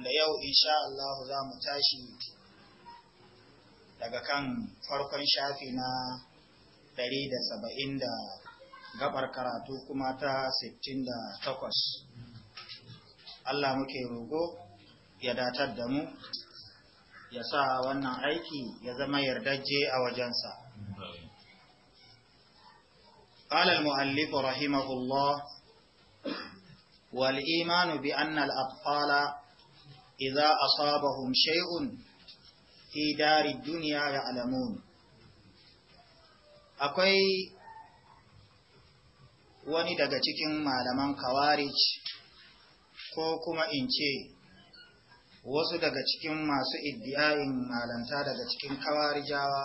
wanda yau insha Allah za mu tashi daga kan farkon shafi na 170 da gabar karatu kuma ta 68 Allah muke rogo ya datar da mu ya sa wannan aiki ya zama je a wajensa قال المؤلف رحمه الله والإيمان بأن الأطفال idza asabahum shay'un fi dari dunya ya'lamun akwai wani daga cikin malaman kawarij ko kuma in ce wasu daga cikin masu iddiyayin malanta daga cikin kawarijawa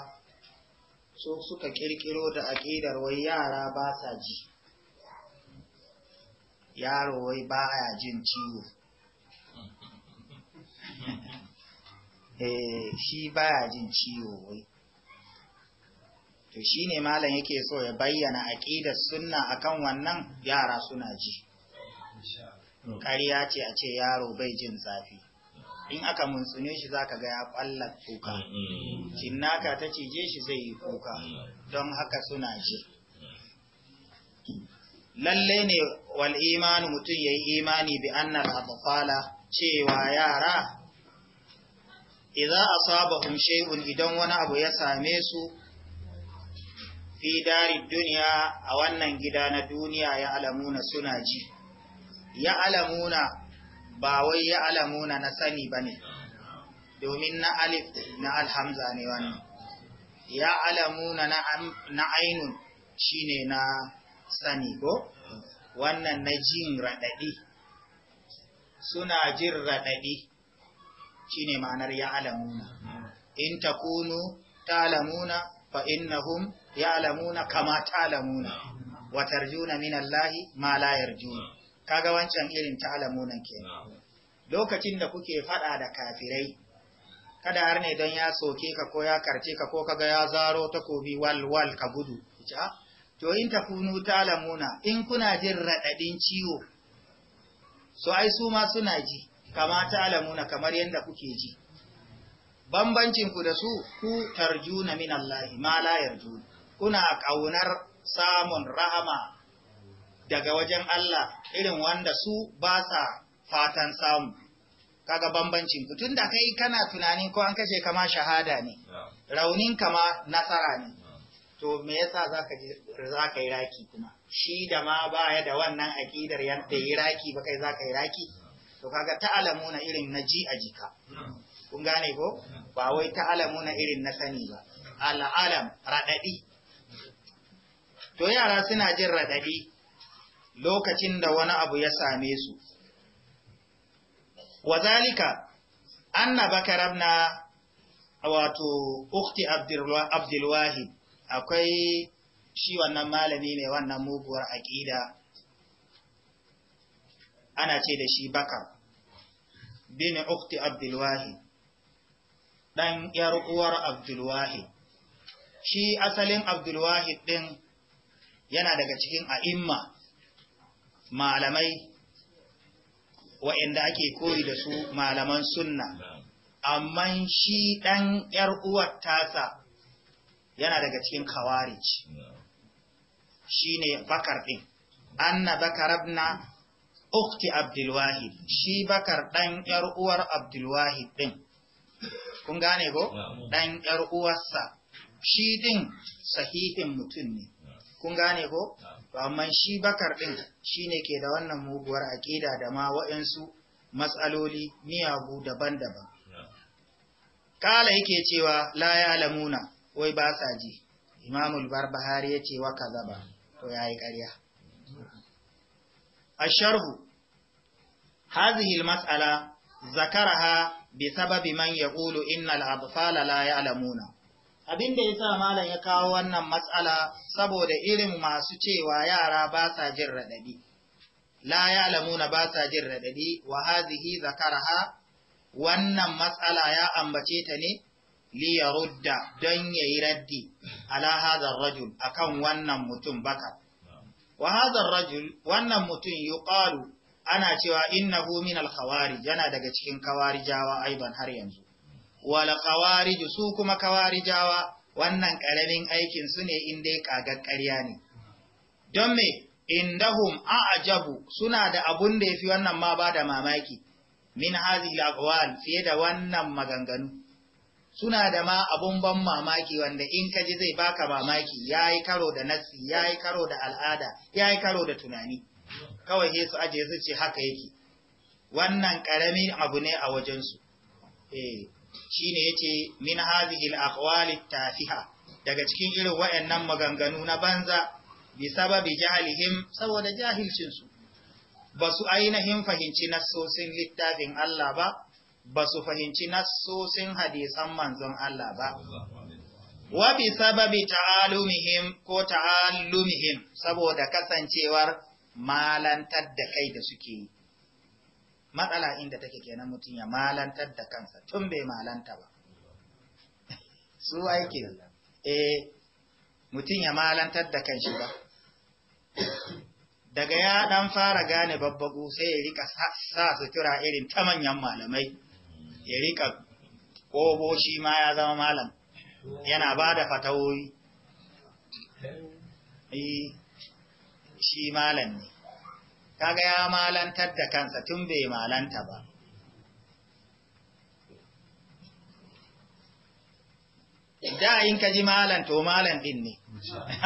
so suka kirkiro da aƙidar wai yara ba sa ji yaro wai ba jin ciwo eh shi baya jin ciwo wai to shine malam yake so ya bayyana aqidar sunna akan wannan yara suna ji ƙarya ce a ce yaro bai jin zafi in aka muntsune shi zaka ga ya kwalla kuka cinnaka ta cije shi zai yi kuka don haka suna ji lalle ne wal imanu mutum yayi imani bi annal atfala cewa yara idza asabahum shay'un idan wani abu ya same su fi dari duniya a wannan gida na duniya ya alamuna suna ji ya alamuna ba wai ya alamuna na sani bane domin na alif na alhamza ne wannan ya alamuna na na ainun shine na sani ko wannan na jin radadi suna jin radadi shine ma'anar alamuna in takunu ta'lamuna fa innahum alamuna kama ta'lamuna wa tarjuna min Allahi ma la yarjuna kaga wancan irin alamunan kenan lokacin da kuke fada da kafirai kada har ne don ya soke ka ko ya karce ka ko kaga ya zaro takobi wal wal ka gudu to in ta takunu ta'lamuna in kuna jin raɗaɗin ciwo so ai su ma suna ji kama ta'lamuna kamar yadda kuke ji bambancin ku da su ku tarjuna min Allah ma la yarju kuna kaunar samun rahama daga wajen Allah irin wanda su ba sa fatan samu kaga bambancin ku tunda kai kana tunanin ko an kashe kama shahada ne raunin kama nasara ne to me yasa zaka zaka yi raki kuma shi da ma baya da wannan akidar yadda yi raki ba kai zaka yi raki to kaga ta'alamuna irin na ji a jika kun gane ko ba wai ta'alamuna irin na sani ba al'alam radadi to yara suna jin radadi lokacin da wani abu ya same su wazalika anna bakarabna wato ukti abdulwahid akwai shi wannan malami mai wannan muguwar aƙida ana ce da shi bakar bin ukti abdulwahid ɗan ‘yar uwar abdulwahid shi asalin abdulwahid ɗin yana daga cikin a'imma malamai wa'inda ake koyi da su malaman sunna amma shi ɗan ‘yar uwar tasa yana daga cikin khawarij shi ne bakar ɗin anna ukti Abdulwahid shi bakar ɗan ‘yar uwar Abdulwahid ɗin, kun gane ko? ɗan ‘yar uwarsa, shi ɗin sahihin mutum ne, kun gane ko? amma shi bakar ɗin shine ke da wannan muguwar aqida da ma waɗansu matsaloli miyagu daban-daban. Kala yake cewa la ya lamuna, wai ba sa ji, Imamul Barbahari ya ce wa kaza ba, to yayi yi ƙarya. A sharhu hadhihi al-mas'ala zakaraha bi sababi man yaqulu innal abfala la da yasa malam ya kawo wannan matsala saboda irin masu cewa yara ba sa jin radadi la ya'lamuna ba sa jin radadi wa hadhihi zakaraha wannan matsala ya ambace ta ne li yarudda don yayi raddi ala lahazar rajul akan wannan mutum baka wa hadhar rajul wannan mutum yuqalu ana cewa innahu min al-khawarij yana daga cikin kawarijawa aiban har yanzu wal khawarij su kuma kawarijawa wannan karamin aikin su ne in dai kagar ƙarya ne don me indahum a'jabu suna da abun da yafi wannan ma ba da mamaki min hadhihi al fiye da wannan maganganu suna da ma abun ban mamaki wanda in ka ji zai baka mamaki yayi karo da nasi yayi karo da al'ada yayi karo da tunani kawai he su aje su ce haka yake wannan karami abu ne a wajensu eh shine yace min hadhihi al-aqwali tafiha daga cikin irin wayannan maganganu na banza bi sababi jahilihim saboda jahilcin su basu ainihin fahimci nasosin littafin Allah ba basu fahimci nasosin hadisan manzon Allah ba wa bi sababi ta'alumihim ko ta'allumihim saboda kasancewar malantar da kai da suke yi matsala inda take kenan mutum ya malantar da kansa tun bai malanta ba su aiki eh mutum ya malantar da kanshi ba daga ya dan fara gane babbago sai ya rika sa sutura irin ta manyan malamai ya rika kobo shi ma ya zama malam yana ba da fatawoyi eh, shi malam ne kaga ya malantar da kansa tun bai malanta ba da in ka ji malam to malam din ne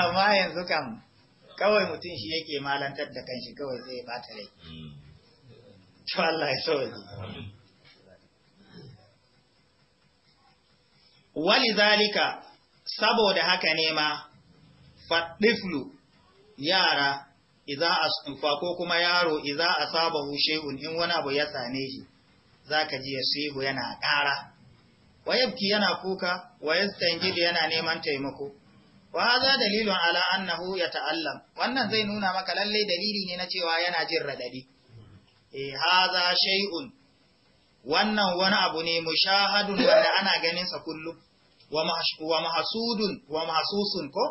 amma yanzu kam kawai mutum shi yake malantar da kanshi kawai sai bata rai to Allah ya Wali zalika, saboda haka ne ma faɗiflu yara idza asfa ko kuma yaro idza asabahu shay'un in wani abu ya same shi zaka ji yasihu yana ƙara Wayabki yana kuka wa yastanjid yana neman taimako wa hadha dalilun ala annahu yata'allam wannan zai nuna maka lalle dalili ne na cewa yana jin radadi eh haza, shay'un wannan wani abu ne mushahadun wanda ana ganin sa kullum wa mahasudun wa mahsusun ko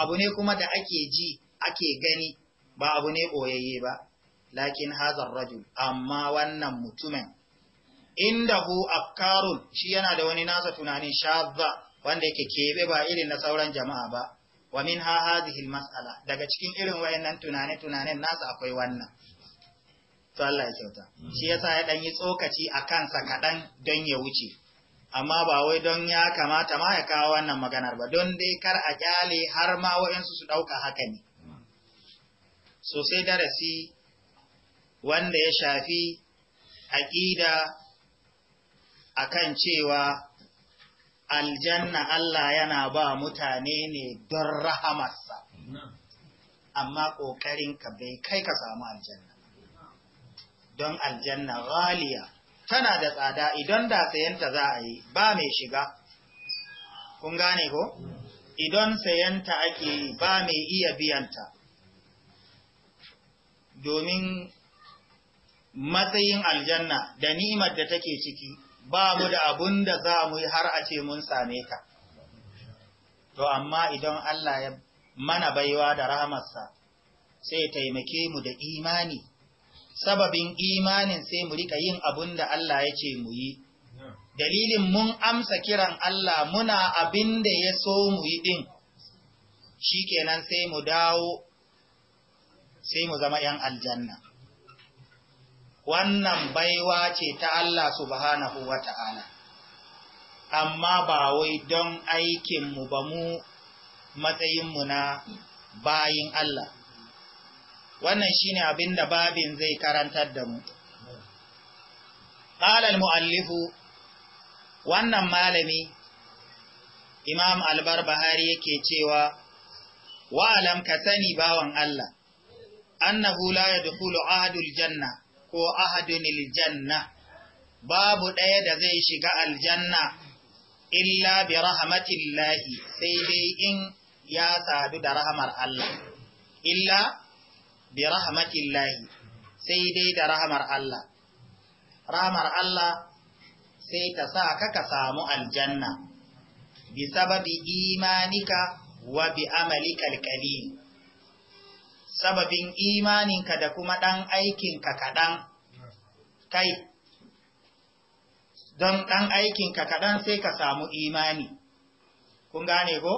abu ne kuma da ake ji ake gani ba abu ne ɓoyayye ba lakin hazar rajul amma wannan mutumin inda hu afkarun shi yana da wani nasa tunanin shazza wanda yake keɓe ba irin na sauran jama'a ba wa min ha hadhihi mas'ala daga cikin irin wayannan tunane tunanen nasa akwai wannan to Allah ya kyauta shi yasa ya ɗan yi tsokaci a kansa kaɗan don ya wuce amma ba wai don ya kamata ma ya kawo wannan maganar ba don dai kar a kyale har ma wayansu su ɗauka haka ne sosai darasi wanda ya shafi aƙida akan cewa aljanna Allah yana ba mutane ne don rahamarsa, amma ƙoƙarinka bai kai ka samu aljanna. Don aljanna ghaliya tana da tsada idan da sayanta za a yi ba mai shiga, kun gane ko? Idan sayanta ake yi ba mai iya biyanta. domin matsayin aljanna da ni'imar da take ciki ba mu da abun da za mu yi har a ce mun same ka to amma idan Allah ya mana baiwa da rahamarsa sai taimake mu da imani sababin imanin sai mu rika yin abun da Allah ya ce mu yi dalilin mun amsa kiran Allah muna abin da ya so mu yi din kenan sai mu dawo sai mu zama ‘yan aljanna. Wannan baiwa ce ta Allah subhanahu wa ta'ala, amma ba wai don aikinmu ba mu matsayinmu na bayin Allah. Wannan shi ne abin da babin zai karantar da mu. Ƙalal mu'allifu, wannan malami, Imam Albar Bahari yake cewa, wa'alam ka sani bawan Allah. annahu la yadkhulu ahadul janna ko ahadun janna babu ɗaya da zai shiga aljanna illa bi rahmatillahi sai dai in ya sadu da rahmar Allah illa bi rahmatillahi sai dai da rahmar Allah Rahmar Allah sai ta sa ka ka samu aljanna bi sababi imanika wa bi amalika alqalil sababin imaninka da kuma ɗan aikinka kaɗan kai don ɗan aikinka kaɗan sai ka samu imani kun gane ko?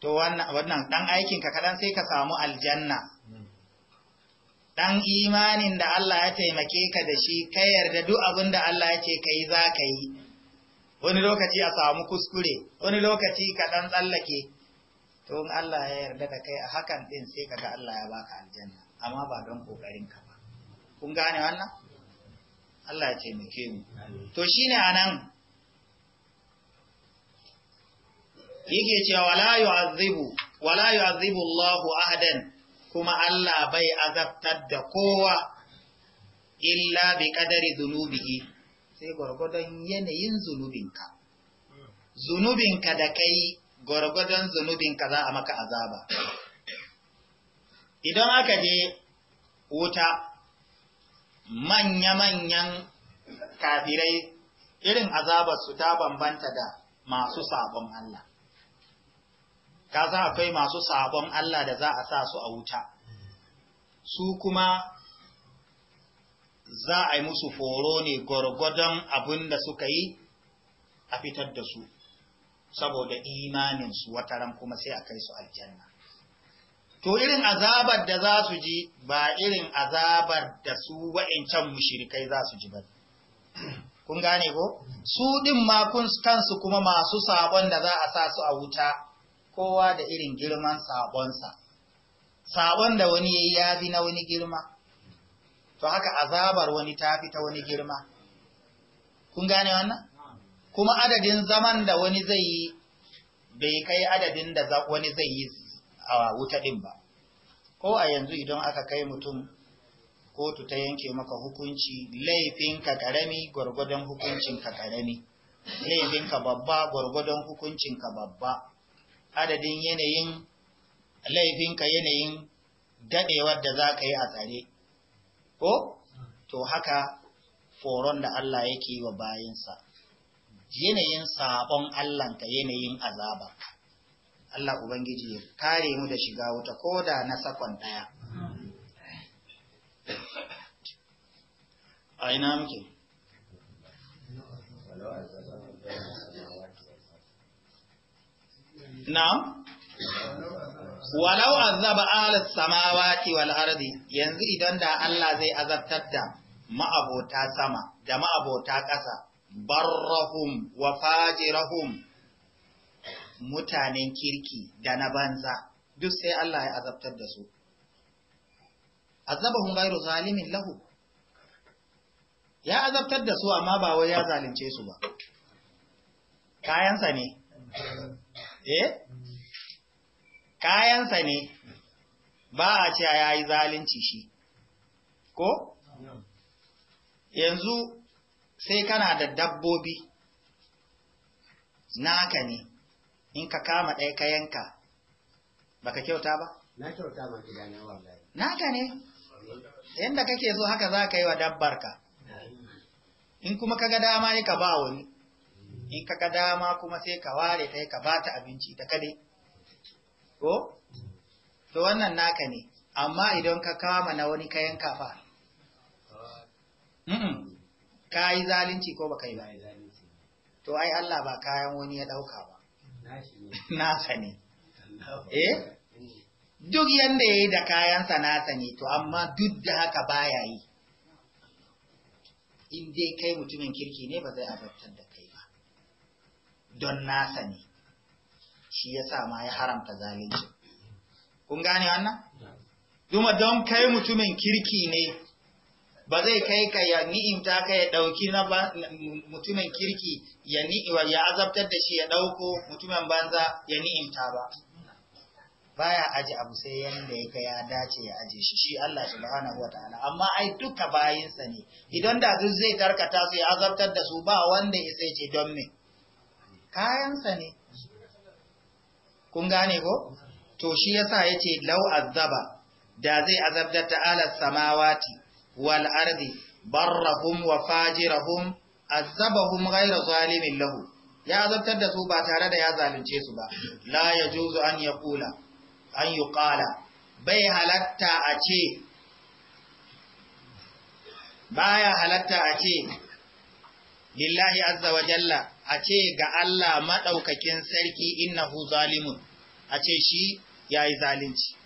to wannan ɗan aikinka kaɗan sai ka samu aljanna ɗan imanin da Allah ya taimake ka da shi ka yarda duk abin da Allah ya ce ka yi za ka yi wani lokaci a samu kuskure wani lokaci ka ɗan tsallake to in Allah ya yarda da kai a hakan din sai kaga Allah ya baka aljanna amma ba don kokarin ka ba kun gane wannan Allah ya taimake mu to shine anan yake cewa wala yu'azzibu wala yu'azzibu Allahu ahadan kuma Allah bai azabtar da kowa illa bi qadari dhunubihi sai gurgurdan yanayin zunubinka zunubinka da kai gwargwadon zunubin ka za a maka azaba idan aka je wuta manya-manyan kafirai irin azabar su ta bambanta da masu sabon Allah ka za akwai masu sabon Allah da za a sa su a wuta su kuma za a yi musu foro ne gwargwadon abin da suka yi a fitar da su saboda imaninsu wataran kuma sai a kai su aljanna to irin azabar da za su ji ba irin azabar da su wa'incan mushirikai za su ji ba kun gane ko su din ma kansu kuma masu sabon da za a sa su a wuta kowa da irin girman sabonsa sabon da wani yayi fi na wani girma to haka azabar wani ta fi ta wani girma kun gane wannan kuma adadin zaman da wani zai yi bai kai adadin da wani zai yi a wuta ɗin ba ko a yanzu idan aka kai mutum kotu ta yanke maka hukunci laifinka ƙarami gwargwadon hukuncinka ƙarami laifinka babba gwargwadon hukuncinka babba adadin yanayin laifinka yanayin daɗewar da za ka yi a tsare ko to haka foron da Allah yake wa bayansa. yanayin sabon ka yanayin azaba. Allah Ubangiji ya kare mu da shiga wuta ko da na sakon ɗaya. A ina muke? Na? Walau azaba alas samawati wal ardi yanzu idan da Allah zai azabtar da ma'abota sama da ma'abota ƙasa barrahum wa fajirahum mutanen kirki da na banza duk sai Allah ya azabtar da su azabahum ghayru zalimin lahu ya azabtar da su amma ba wai ya zalunce su ba kayansa ne eh kayansa ne ba a ce yayi zalunci shi ko yanzu sai kana da dabbobi naka ne in ka kama ɗaya ka yanka ka kyauta ba na kyauta ma gidana wallahi naka ne ka kake so haka za ka yi wa dabbar ka in kuma ka ga dama yi ka ba wani in ga dama kuma sai ka ware ta ka ba ta abinci ta kade ko to wannan naka ne amma idan ka kama na wani ka yanka fa ka yi zalunci ko ba ka yi ba to ai Allah ba kayan wani ya ɗauka ba Na ne eh duk yanda yayi yi da kayansa na sani to amma duk da haka baya yi in dai kai mutumin kirki ne ba zai azabtar da kai ba don na sani. shi ya ma ya haramta zalunci kun gane wannan? Duma don kai mutumin kirki ne ba zai kai ka ya ni'imta ka ya ɗauki na mutumin kirki ya ya azabtar da shi ya ɗauko mutumin banza ya ni'imta ba baya aje abu sai yanda ya ya dace ya aje shi shi Allah subhanahu wataala amma ai duka bayansa ne idan da duk zai tarkata su ya azabtar da su ba wanda ya sai ce don me kayansa ne kun gane ko to shi yasa yace lau'ar azaba da zai azabtar ta ala samawati wal ardi barrahum wa fajirahum azabahum ghayra zalimin lahu ya azabtar da su ba tare da ya zalunce su ba la yajuzu an kula, an yuqala bai halatta a ce baya halatta a ce lillahi azza wa jalla a ce ga Allah maɗaukakin sarki innahu zalimun a ce shi yayi zalunci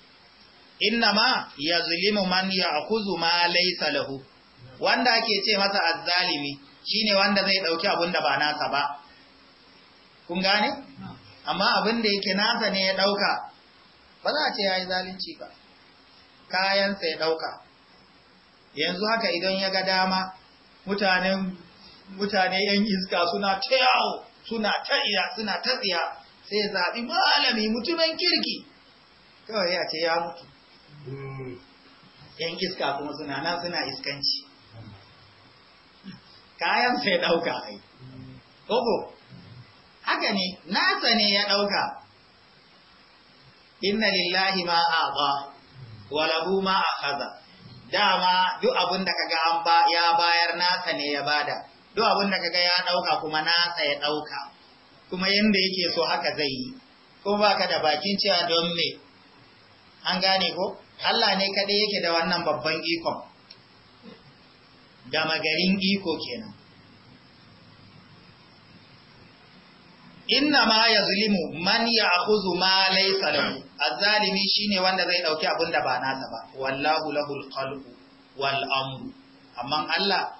ya zulimu man akuzu ma laisa lahu wanda ake ce masa azzalimi shine wanda zai dauki abun ba nasa ba kun gane amma abin da yake nasa ne ya dauka ba za a ce yayi zalunci ba kayan sa ya dauka yanzu haka idan ya ga dama mutanen mutane yan iska suna ta suna ta iya suna ta tsiya sai zabi malami mutumin kirki kawai ya ce ya mutu yan iska kuma suna nan suna iskanci kayan sai ɗauka ai koko haka ne nasa ne ya ɗauka inna lillahi ma a ba ma a haza dama duk abin da kaga an ba ya bayar nasa ne ya bada duk abin da kaga ya ɗauka kuma nasa ya ɗauka kuma yanda yake so haka zai yi kuma baka da bakin cewa don me an gane ko Allah ne kaɗai yake da wannan babban ikon, da magarin iko kenan. Inna ma ya zulimu man ya akuzu ma laisa lahu, shi ne wanda zai ɗauki abin da ba nasa ba, wallahu lahul qalbu wal amru. Amma Allah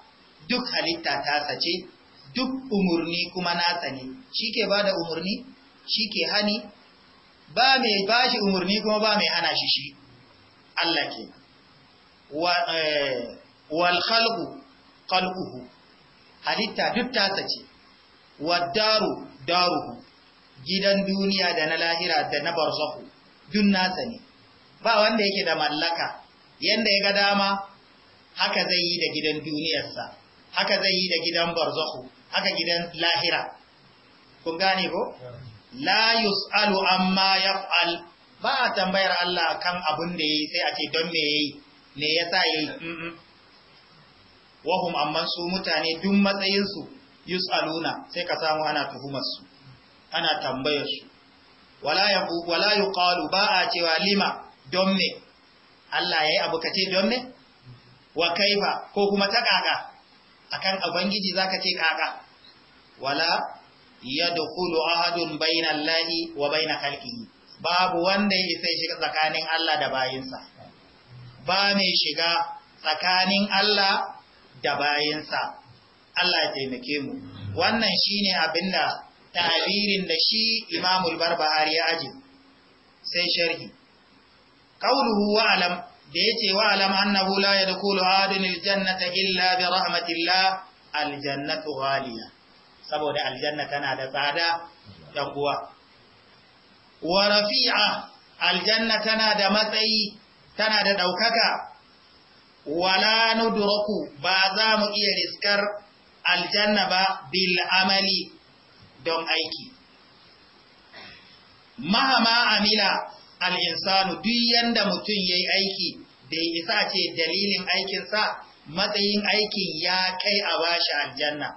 duk halitta ta sace, duk umurni kuma nasa ne, shi ke ba da umurni, shi ke hani, ba mai bashi umurni kuma ba mai hana shi shi. Allah ke eh, wal khalqu qalquhu halitta duk ta sace. wad daru daruhu gidan duniya da na lahira da na barzakhu duk nasa ne ba wanda yake da mallaka yanda ya ga dama haka zai yi da gidan duniyarsa haka zai yi da gidan barzakhu haka gidan lahira kun gane ko la yus'alu amma yaf'al ba a tambayar Allah kan abin da yi sai a ce don me yayi ya yasa yi? wahum amma su mutane duk matsayinsu su yusaluna sai ka samu ana tuhumar ana tambayar wala yi wala ba a cewa lima don me Allah ya yi abu ka ce don me wa kaifa ko kuma ta kaka akan za ka ce kaka wala yadkhulu ahadun lahi wa bayan khalqihi babu wanda ya isa shiga tsakanin Allah da bayinsa ba mai shiga tsakanin Allah da bayinsa Allah ya taimake mu wannan shine abinda tabirin da shi Imamul Barbahari ya aje sai sharhi kauluhu wa alam da yace wa alam annahu la yadkhulu adunil jannata illa bi rahmatillah aljannatu ghaliya saboda aljanna tana da tsada dan uwa wa rafi'a aljanna tana da matsayi tana da ɗaukaka wala nudraku ba za mu iya riskar aljanna ba bil amali don aiki mahama amila al'insanu duk yanda mutum ya yi aiki da isa ce dalilin aikinsa matsayin aikin ya kai a bashi aljanna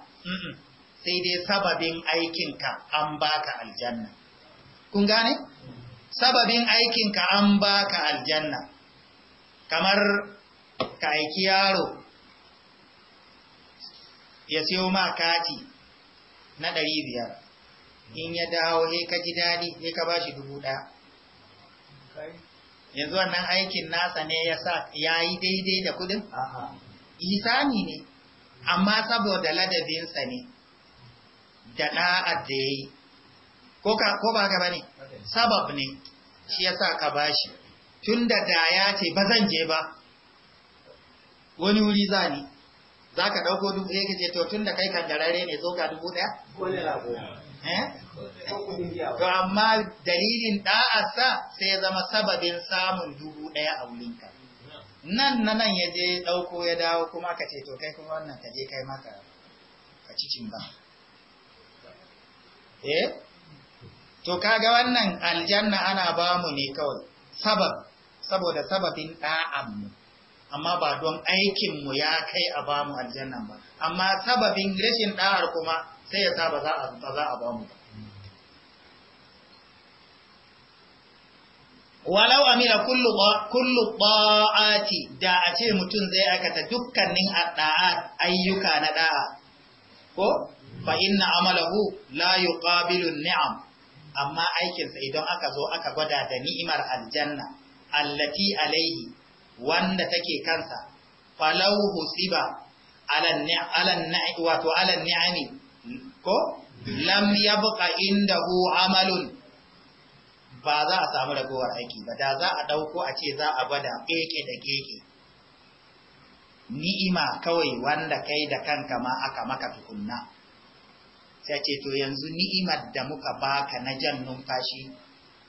sai dai sababin aikinka an baka aljanna kun gane sababin aikinka an baka aljanna kamar ka aiki yaro ya siyo ma kati na ɗari biyar in ya dawo he ka ji daɗi he ka ba shi dubu ɗaya yanzu wannan aikin nasa ne ya sa ya yi daidai da kudin? isani ne amma saboda ladabinsa ne da ɗa'ad da ya yi ko ba ka bane sabab ne shi yasa ka bashi tun da ya ce ba zan je ba wani wuri za ni za ka ɗauko dubu ɗaya ka ce to tun da kai kan darare ne zo ga dubu ɗaya? Eh? To amma dalilin ɗa'asa sai ya zama sababin samun dubu ɗaya a ka. Nan na nan ya je ɗauko ya dawo kuma ka ce to kai kuma wannan ka je kai maka ka cikin ba. Eh? to kaga wannan aljanna ana bamu ne kawai sabab saboda sababin da'anmu amma ba don aikinmu ya kai a ba mu aljanna ba amma sababin rashin ɗa'ar kuma sai ya sa ba za a bamu ba walau amira kullu ba'ati da a ce mutum zai aikata dukkanin adda'at ayyuka na da'a ko fa inna amalahu la yuqabilu ni'am amma aikinsa idan aka zo aka gwada da ni'imar aljanna allati alaihi wanda take kansa falau husiba ala wato alan ni'ami ko lam yabqa indahu amalun ba za a samu ragowar aiki ba da za a dauko a ce za a gwada keke da keke ni'ima kawai wanda kai da kanka ma aka maka tukunna sai ce to yanzu ni'imar da muka baka na jan numfashi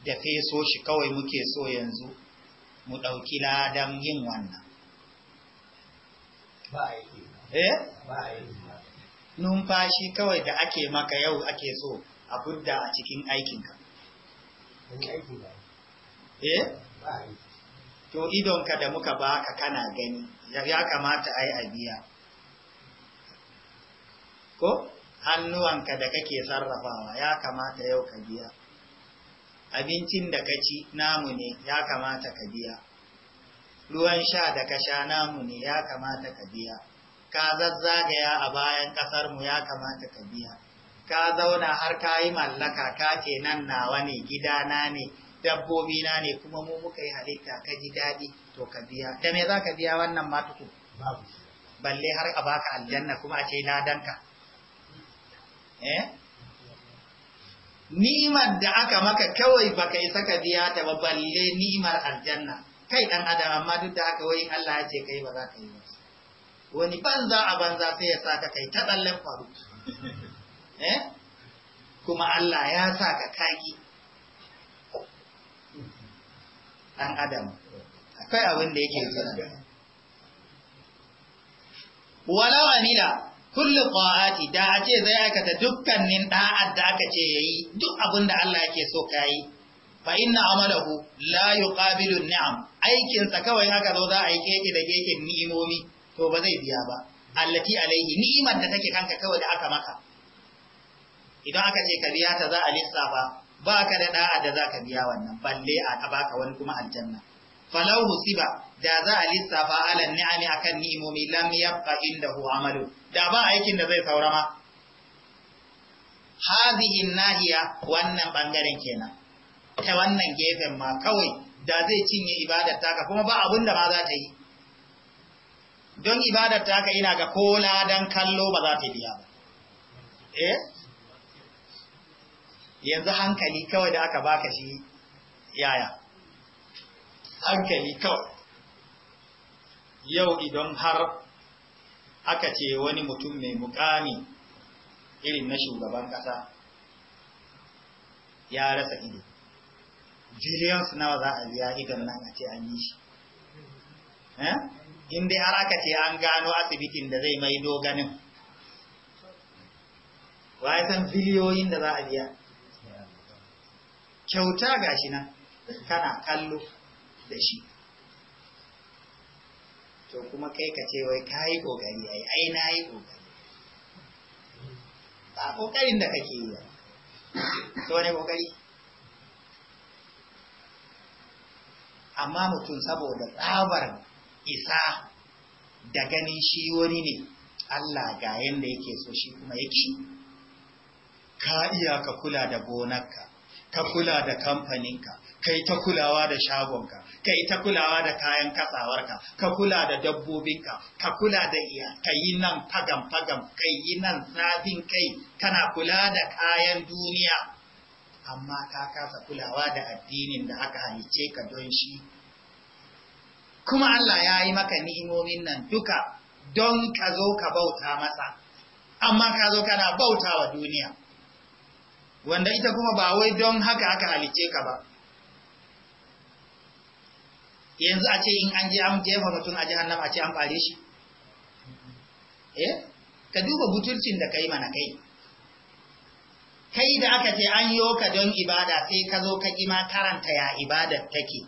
da feso shi kawai muke so yanzu mu ɗauki ladan yin wannan eh numfashi kawai da ake maka yau ake so a budda a cikin aikinka eh to idonka da muka baka kana gani ya kamata ai a biya ko hannuwanka da kake sarrafawa ya kamata yau ka biya abincin da ka ci namu ne ya kamata ka biya ruwan sha da ka sha namu ne ya kamata ka biya ka zazzagaya a bayan ƙasarmu ya kamata ka biya ka zauna har ka yi mallaka ka ce nan nawa ne gidana ne dabbobi na ne kuma mu muka yi halitta ka ji daɗi to ka biya da me za ka biya wannan matuku balle har a baka aljanna kuma a ce ladanka Eh? ni'imar da aka maka kawai baka isa ka biya ta ba balle ni'imar aljanna kai dan adam amma duk da aka wai Allah ya ce kai ba za ka yi ba wani banza a banza sai ya saka kai ta tsallen faru eh kuma Allah ya saka kaki dan adam akwai abin da yake Wala walau amila kullu qa'ati da a ce zai aikata dukkanin da'ad da aka ce yayi duk abin da Allah yake so kai fa inna amalahu la yuqabilu ni'am aikin sa kawai haka zo za a yi keke da keken ni'imomi to ba zai biya ba allati alaihi ni'imar da take kanka kawai da aka maka idan aka ce ka biya ta za a lissafa ba ka da da'a da za ka biya wannan balle a baka wani kuma aljanna falau husiba da za a lissafa alan ni'ami akan ni'imomi lam yabqa indahu amalu da ba aikin da zai saura ma hadhihi nahiya wannan bangaren kenan ta wannan gefen ma kawai da zai cinye ibadar taka kuma ba abin da ma za ta yi don ibadar taka ina ga kola ladan kallo ba za ta biya ba eh yanzu hankali kawai da aka baka shi yaya hankali kawai yau idan har aka ce wani mutum mai mukami irin na shugaban ƙasa ya rasa ido billions nawa za a biya idan nan a ce an yi shi eh? in dai har ce an gano asibitin da zai mai doganin waye san biliyoyin da za a biya kyauta gashi nan kana kallo da shi to kuma kai ka ce wai ka yi ƙoƙari ya yi ai na yi ƙoƙari ba ƙoƙarin da kake yi ba to ne ƙoƙari amma mutum saboda tsabar isa da ganin shi wani ne Allah ga yadda yake so shi kuma yake ka iya ka kula da gonarka ka kula da kamfaninka kai ta kulawa da shagonka kai ta kulawa da kayan katsawarka ka kula da dabbobinka ka kula da iya ka yi nan fagam fagam ka yi nan sabin kai kana kula da kayan duniya amma ka kasa kulawa da addinin da aka halice ka don shi kuma Allah ya yi maka ni'imomin nan duka don ka zo ka bauta masa amma ka zo kana bauta wa duniya wanda ita kuma ba wai don haka aka halice ka ba yanzu a ce in an je an jefa mutum a jahannama a ce an bare shi eh ka duba butulcin da kai mana kai kai da aka ce an yo ka don ibada sai ka zo ka ma karanta ya ibadar take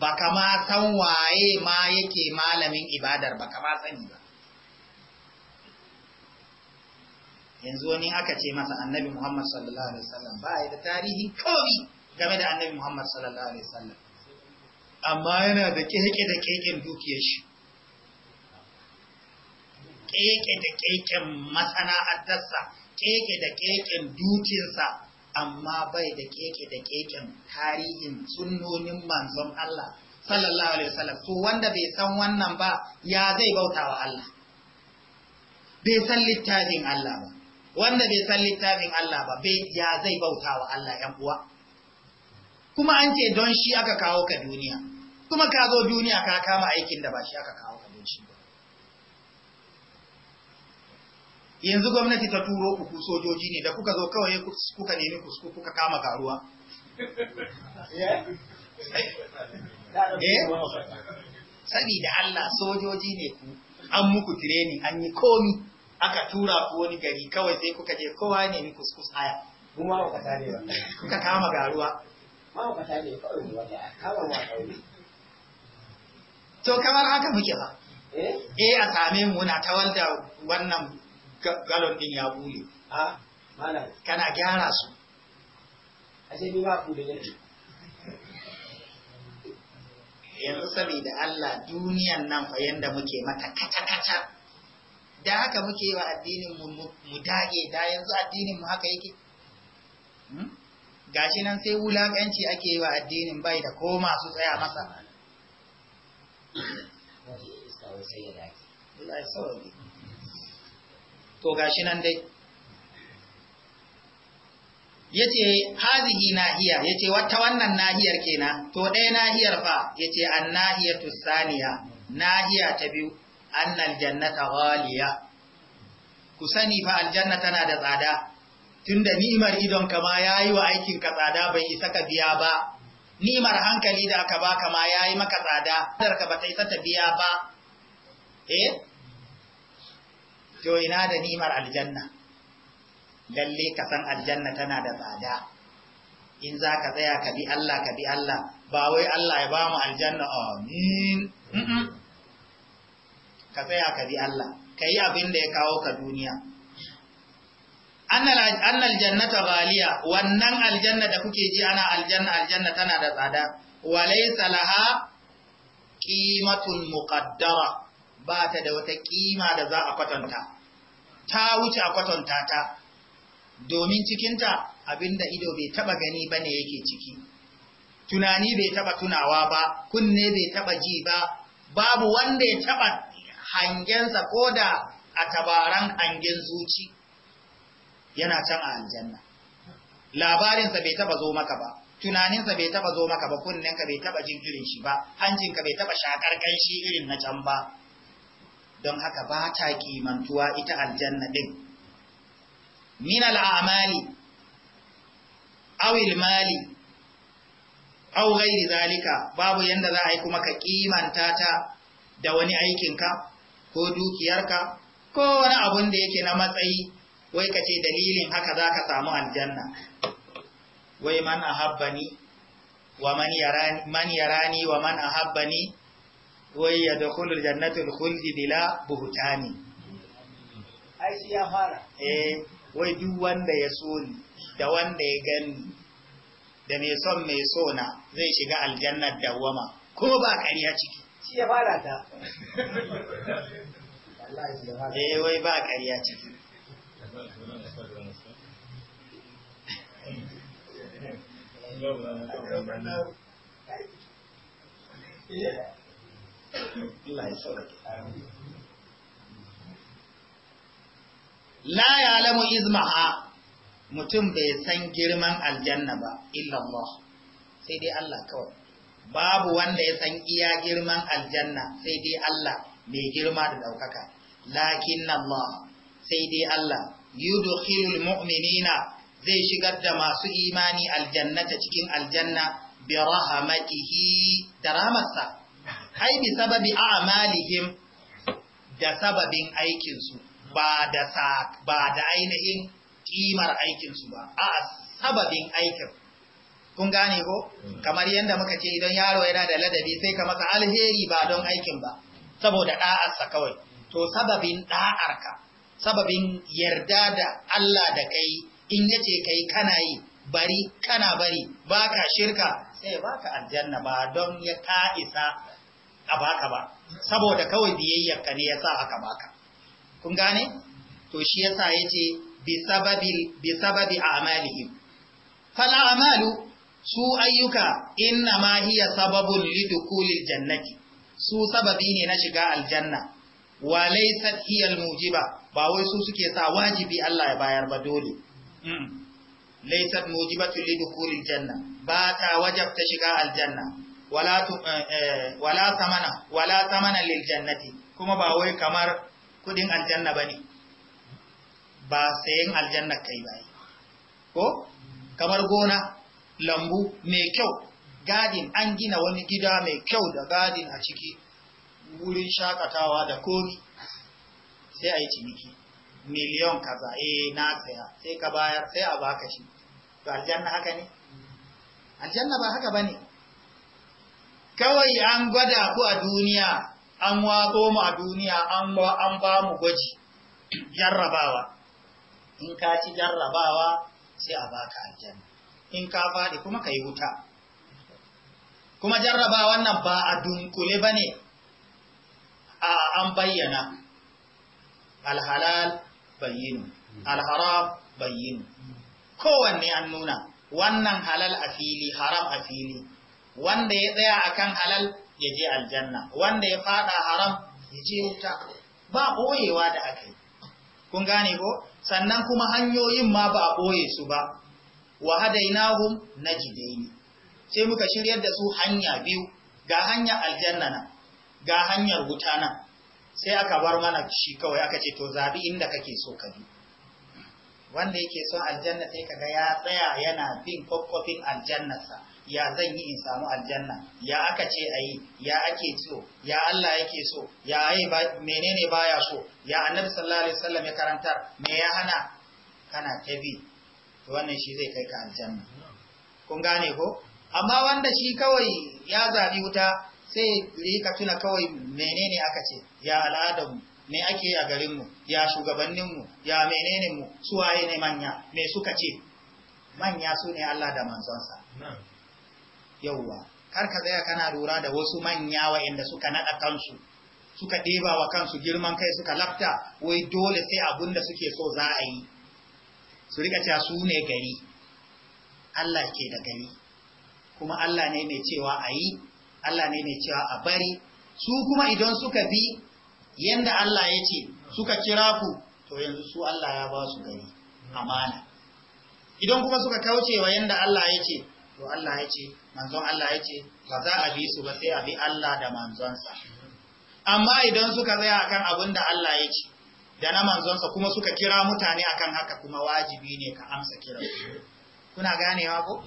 ba kama san waye ma yake malamin ibadar ba kama sani ba yanzu wani aka ce masa annabi muhammad sallallahu alaihi wasallam ba ya da tarihin kawai game da annabi Muhammad sallallahu alaihi wasallam amma yana da keke da keken dukiyar shi keke da keken masana'antarsa keke da keken dukiyarsa amma bai da keke da keken tarihin sunnonin manzon Allah sallallahu alaihi wasallam to wanda bai san wannan ba ya zai bautawa Allah bai san littafin Allah ba wanda bai san littafin Allah ba bai ya zai bautawa Allah 'yan uwa kuma an ce don shi aka kawo ka duniya kuma ka zo duniya ka kama aikin da ba shi aka kawo ka don shi ba yanzu gwamnati ta turo uku sojoji ne da kuka zo kawai kuka nemi kusku kuka kama garuwa eh? eh? sabida Allah sojoji ne ku an muku tireni an yi komi aka tura ku wani gari kawai sai kuka je kowa ne ni kuskus haya kuma kuka kama garuwa mahaukata to kamar haka muke ba eh? eh a same mu na tawar da wannan galon din ya bude. Ah, kana gyara su ashe ni ba ku da yanzu saboda Allah duniyan nan fa yanda muke mata kata-kata da haka muke wa addinin mu mu dage da yanzu addinin mu haka yake hmm? gashi nan sai wulaƙanci ake yi wa addinin bai da ko masu tsaya masa to gashi nan dai ya ce hazihi nahiya ya ce wata wannan nahiyar kenan to ɗaya nahiyar fa ya ce an nahiyar tussaniya nahiya ta biyu annal jannata waliya. ku sani fa aljanna tana da tsada Tun da ni'imar idon kama ya yayi wa aikin ka tsada bai isa ka biya ba ni'imar hankali da aka baka ma yayi maka tsada dar ba bata isa ta biya ba eh to ina da ni'imar aljanna lalle ka san aljanna tana da tsada in za ka tsaya ka bi Allah ka bi Allah ba wai Allah ya ba mu aljanna amin ka tsaya ka bi Allah ka yi abin da ya kawo ka duniya An jannata ghaliya wannan aljanna da kuke ji ana aljanna aljanna tana da tsada walaysa laha qimatun muqaddara ba ta da wata kima da za a kwatanta ta wuce a kwatanta ta domin cikinta abinda ido bai taba gani bane yake ciki tunani bai taba tunawa ba kunne bai taba ji ba babu wanda ya taba hangensa koda a tabaran hangen zuci yana can a aljanna labarinsa bai taba zo maka ba tunaninsa bai taba zo maka ba kunninka bai taba jin shi ba hancinka bai taba shakar kanshi irin na can ba don haka ba ta kimantuwa ita aljanna din min Amali, aw mali aw ghairi zalika babu yanda za a yi kuma ka kimanta ta da wani aikinka ko dukiyarka ko wani abun da yake na matsayi wai ka ce dalilin haka za ka samu aljanna wai man a habba ni wa man yara ni wa man a habba ni? wai ya da yadkhulu aljannatul khuldi bila buhuta ni. shi ya fara eh wai duk wanda ya so ni da wanda ya gani da mai son mai so na zai shiga aljannar dawwama ko ba ƙarya ciki shi ya fara ta eh wai ba ƙarya ciki La ya lamu izmaha mutum bai san girman aljanna ba, illallah, sai dai Allah kawai. Babu wanda ya san iya girman aljanna sai dai Allah mai girma da ɗaukaka, lakin Allah sai dai Allah yudkhilul mu'minina zai shigar da masu imani aljannata cikin aljanna bi rahmatihi da ai bi sababi a'malihim da sababin aikinsu ba da sa ba da ainihin kimar aikinsu ba a sababin aikin kun gane ko kamar yadda muka ce idan yaro yana da ladabi sai ka masa alheri ba don aikin ba saboda da'arsa kawai to sababin da'arka sababin yarda da Allah da kai in yace kai kana yi bari kana bari baka shirka sai baka aljanna ba don ya ta isa a baka ba saboda kawai biyayyarka ne yasa aka baka kun gane to shi yasa yace bi sababi bi sababi a'malihim fal a'malu su ayyuka inna ma hiya sababun lidukulil jannati su sababi ne na shiga aljanna wa laysat hiya almujiba ba wai su suke sa wajibi Allah ya bayar ba dole hmm. Laisat mujibatu lidukhulil janna ba ta wajabta shiga aljanna wala eh, eh, wala samana wala samana lil jannati kuma ba wai kamar kudin aljanna bane ba sayin aljanna kai bai ko kamar gona lambu mai kyau gadin an gina wani gida mai kyau da gadin a ciki wurin shakatawa da komi sai a yi ciniki miliyon kaza eh na saya sai ka bayar sai a baka shi to aljanna haka ne aljanna ba haka bane kawai an gwada ku a duniya an watso mu a duniya an an ba mu gwaji jarrabawa in ka ci jarrabawa sai a baka aljanna in ka faɗi kuma ka yi wuta kuma jarrabawa nan ba a dunkule ba ne an bayyana alhalal bayyinu alharam bayyinu kowanne an nuna wannan halal a fili haram a fili wanda ya tsaya akan halal ya je aljanna wanda ya fada haram ya je wuta ba boyewa da aka yi kun gane ko sannan kuma hanyoyin ma ba a boye su ba wa hadainahum najdaini sai muka shiryar da su hanya biyu ga hanyar aljanna ga hanyar wuta na sai aka bar mana shi kawai aka ce to zabi inda kake so ka bi wanda yake son aljanna sai kaga ya tsaya yana bin kwakwafin aljannarsa ya zan yi in samu aljanna ya aka ce a yi ya ake so ya Allah yake so ya yi menene baya so ya annabi sallallahu alaihi wasallam ya karantar me ya hana kana ta bi to wannan shi zai kai ka aljanna kun gane ko amma wanda shi kawai ya zabi wuta sai rika tuna kawai menene aka ce ya al'adarmu me ake a garinmu ya shugabanninmu ya menene mu suwaye ne manya me suka ce manya su ne Allah da manzonsa yauwa kar ka tsaya kana lura da wasu manya wa'anda suka naɗa kansu suka ɗeba wa kansu girman kai suka lafta wai dole sai abun da suke so za a yi su rika cewa su ne gari Allah ke da gari kuma Allah ne mai cewa a yi Allah ne mai cewa a bari su kuma idan suka bi yanda Allah ya ce suka kira ku to yanzu su Allah ya ba su gari amana idan kuma suka kaucewa yanda Allah ya ce to Allah ya ce manzon Allah ya ce ba za a bi su ba sai a bi Allah da manzonsa amma idan suka tsaya akan abin da Allah ya ce da na manzonsa kuma suka kira mutane akan haka kuma wajibi ne ka amsa kira. kuna ganewa ko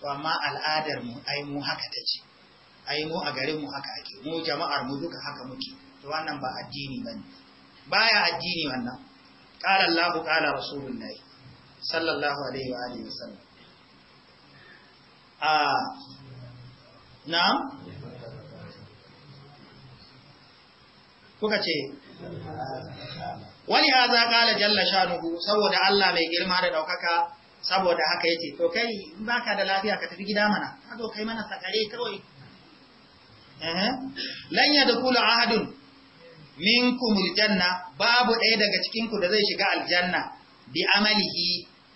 to amma al'adar mu ai mu haka ta ce ai mu a garin mu haka ake mu jama'ar mu duka haka muke to wannan ba addini bane baya addini wannan qala Allah qala rasulullahi sallallahu alaihi wa alihi wasallam a ah, na kuka ce wani haza kala jalla shanuhu saboda Allah mai girma da daukaka saboda haka yace to kai baka da lafiya ka tafi gida mana ka zo kai mana sakare kawai lan ya dakula ahadun minkumul janna babu ɗaya daga cikinku da zai shiga aljanna bi amalihi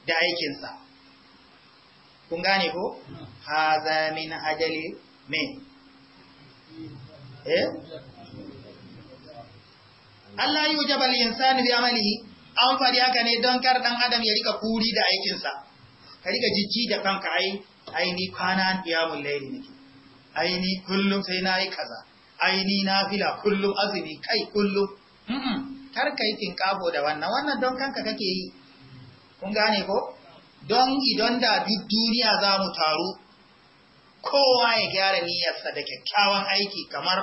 da aikinsa kun gane ko haza min ajali me eh Allah yi wujabal insani bi amalihi an faɗi haka ne don kar ɗan adam ya rika kuri da aikinsa ka rika jijji da kanka ai ai ni kwana ya mullahi nake aini kullum sai na yi kaza aini na fila kullum azumi kai kullum kar ka yi kinkabo da wannan wannan don kanka kake yi kun gane ko don idan da duk duniya za mu taru kowa ya gyara niyyarsa da kyakkyawan aiki kamar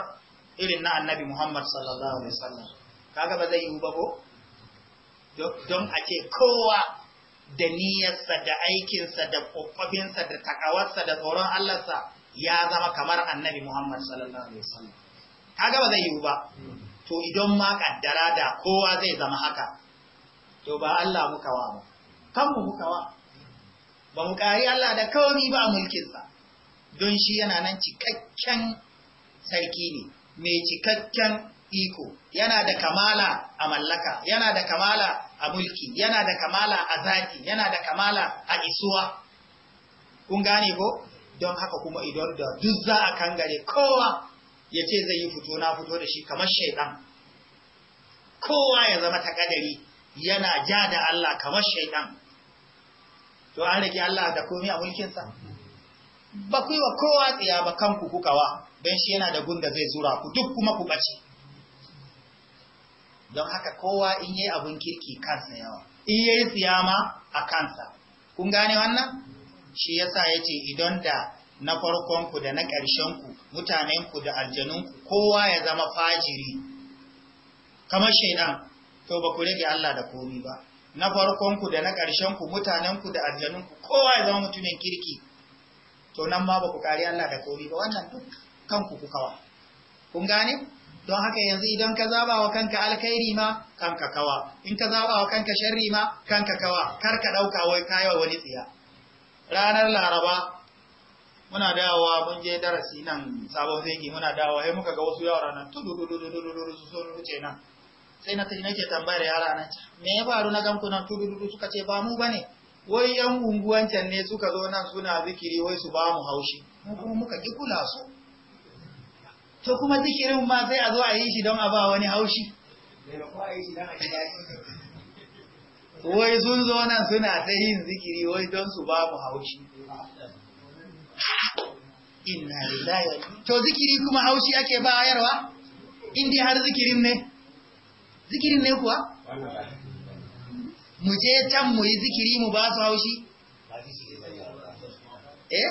irin na annabi muhammad sallallahu alaihi wasallam kaga ba zai yiwu ba ko don a ce kowa da niyyarsa da aikinsa da ƙwaƙwafinsa da takawarsa da tsoron allarsa ya zama kamar annabi Muhammad sallallahu alaihi wasallam kaga ba zai yiwu ba to idan ma kaddara da kowa zai zama haka to ba Allah muka wa ba kanmu muka wa ba mu kari Allah da kawai ba mulkin sa don shi yana nan cikakken sarki ne mai cikakken iko yana da kamala a mallaka yana da kamala a mulki yana da kamala a zaki yana da kamala a isuwa kun gane ko don haka kuma idan da duk za a kangare kowa ya ce zai yi fito na fito da shi kamar shaidan kowa ya zama takadari yana ja da Allah kamar shaidan to an rage Allah da komai a mulkinsa ba ku yi wa kowa tsaya ba kanku kukawa don shi yana da gunda zai zura ku duk kuma ku ɓace don haka kowa in yi abin kirki kansa yawa in yi tsiyama a kansa kun gane wannan shi yasa yace idan da na farkon ku da na ƙarshen ku mutanen ku da aljanun ku kowa ya zama fajiri kamar shaidan to ba ku rage Allah da komi ba na farkon ku da na ƙarshen ku mutanen ku da aljanun ku kowa ya zama mutumin kirki to nan ma ba ku kare Allah da komi ba wannan duk kanku ku kawa kun gane don haka yanzu idan ka zaba wa kanka alkhairi ma kanka kawa in ka zaba wa kanka sharri ma kanka kawa kar ka dauka wai kayo wani tsiya ranar laraba muna dawowa mun je darasi nan sabon fegi muna dawowa sai muka ga wasu yara nan tudu sun wuce nan sai na tafi nake tambayar yara nan me ya faru na ganku nan tudu suka ce ba mu bane wai yan unguwan can ne suka zo nan suna zikiri wai su ba mu haushi mu kuma muka ki su to kuma zikirin ma sai a zo a yi shi don a ba wani haushi wai sun zo nan suna ta yin zikiri wai don su ba mu haushi inna lillahi to zikiri kuma haushi ake ba ayarwa in dai har zikirin ne zikirin ne kuwa mu je can mu yi zikiri mu ba su haushi eh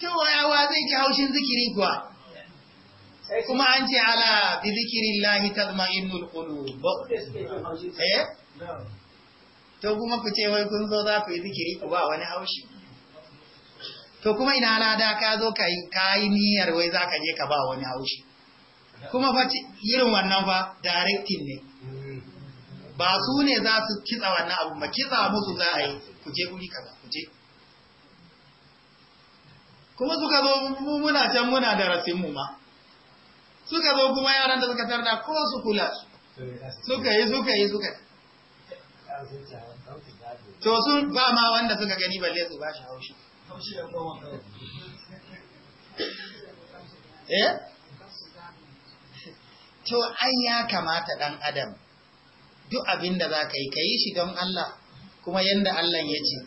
to yawa zai ji haushin zikiri kuwa kuma an ce ala bi zikirillahi tazma'innul qulub eh to kuma ku ce wai kun zo za ku yi zikiri ku ba wani haushi to kuma ina lada ka zo ka yi niyyar wai za ka je ka ba wani haushi kuma fa irin wannan fa directing ne ba su ne za su kitsa wannan abu ba kitsa musu za a yi ku je guri kaza ku je kuma suka zo muna can muna da rasin mu ma suka zo kuma yaran da suka tarda ko su kula su suka yi suka yi suka yi. to sun ba ma wanda suka gani balle su ba shi haushi eh to ai ya kamata dan adam duk abin da za ka yi ka yi shi don Allah kuma yadda Allah ya ce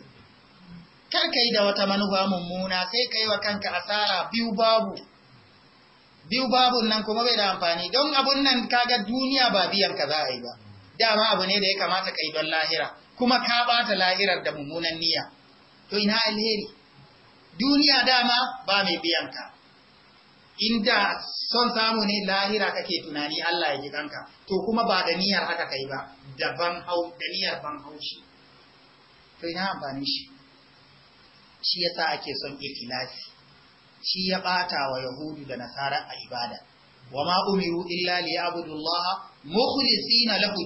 kar ka yi da wata manufa mummuna sai ka yi wa kanka asara biyu babu biyu babun nan kuma bai da amfani don abun nan kaga duniya ba biyan ka za a yi ba dama abu ne da ya kamata yi don lahira kuma ka bata lahirar da mummunan niyya to ina alheri duniya dama ba mai biyan ka inda son samu ne lahira kake tunani Allah ya ji kanka to kuma ba da niyyar haka kai ba da ban hau da niyyar ban haushi to ina amfani shi shi yasa ake son ikhlasi shi ya ɓata wa yahudu da nasara a ibada wa ma umiru illa li ya'budu Allah mukhlisina lahu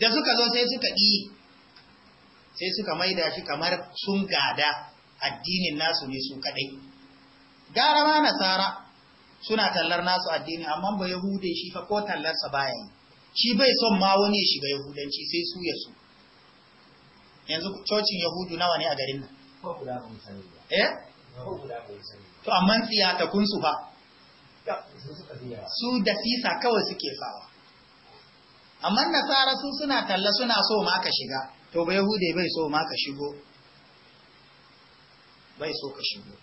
da suka zo sai suka yi sai suka maida shi kamar sun gada addinin nasu ne su kadai gara ma nasara suna tallar nasu addini amma ba yahude shi fa ko tallarsa baya yi shi bai son ma wani ya shiga yahudanci sai su ya yanzu cocin yahudu nawa ne a garin nan eh to amma tsiyatakun su fa su da sisa kawai suke sawa amma nasara su suna talla suna so ma ka shiga to ba yahude bai so ma ka shigo bai so ka shigo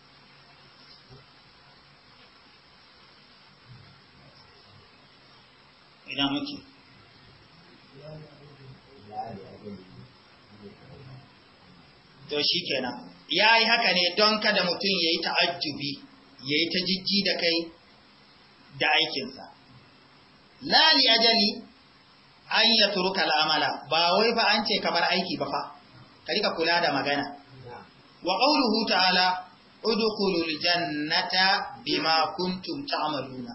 ina muke to shi kenan. ya yi haka ne don kada mutum ya yi ta'ajjubi ya yi ta jijji da kai da aikinsa lali ajali an ya turuka la'amala ba wai ba an ce kamar aiki ba fa ka rika kula da magana wa ƙauluhu ta'ala udkhulul jannata bima kuntum ta'maluna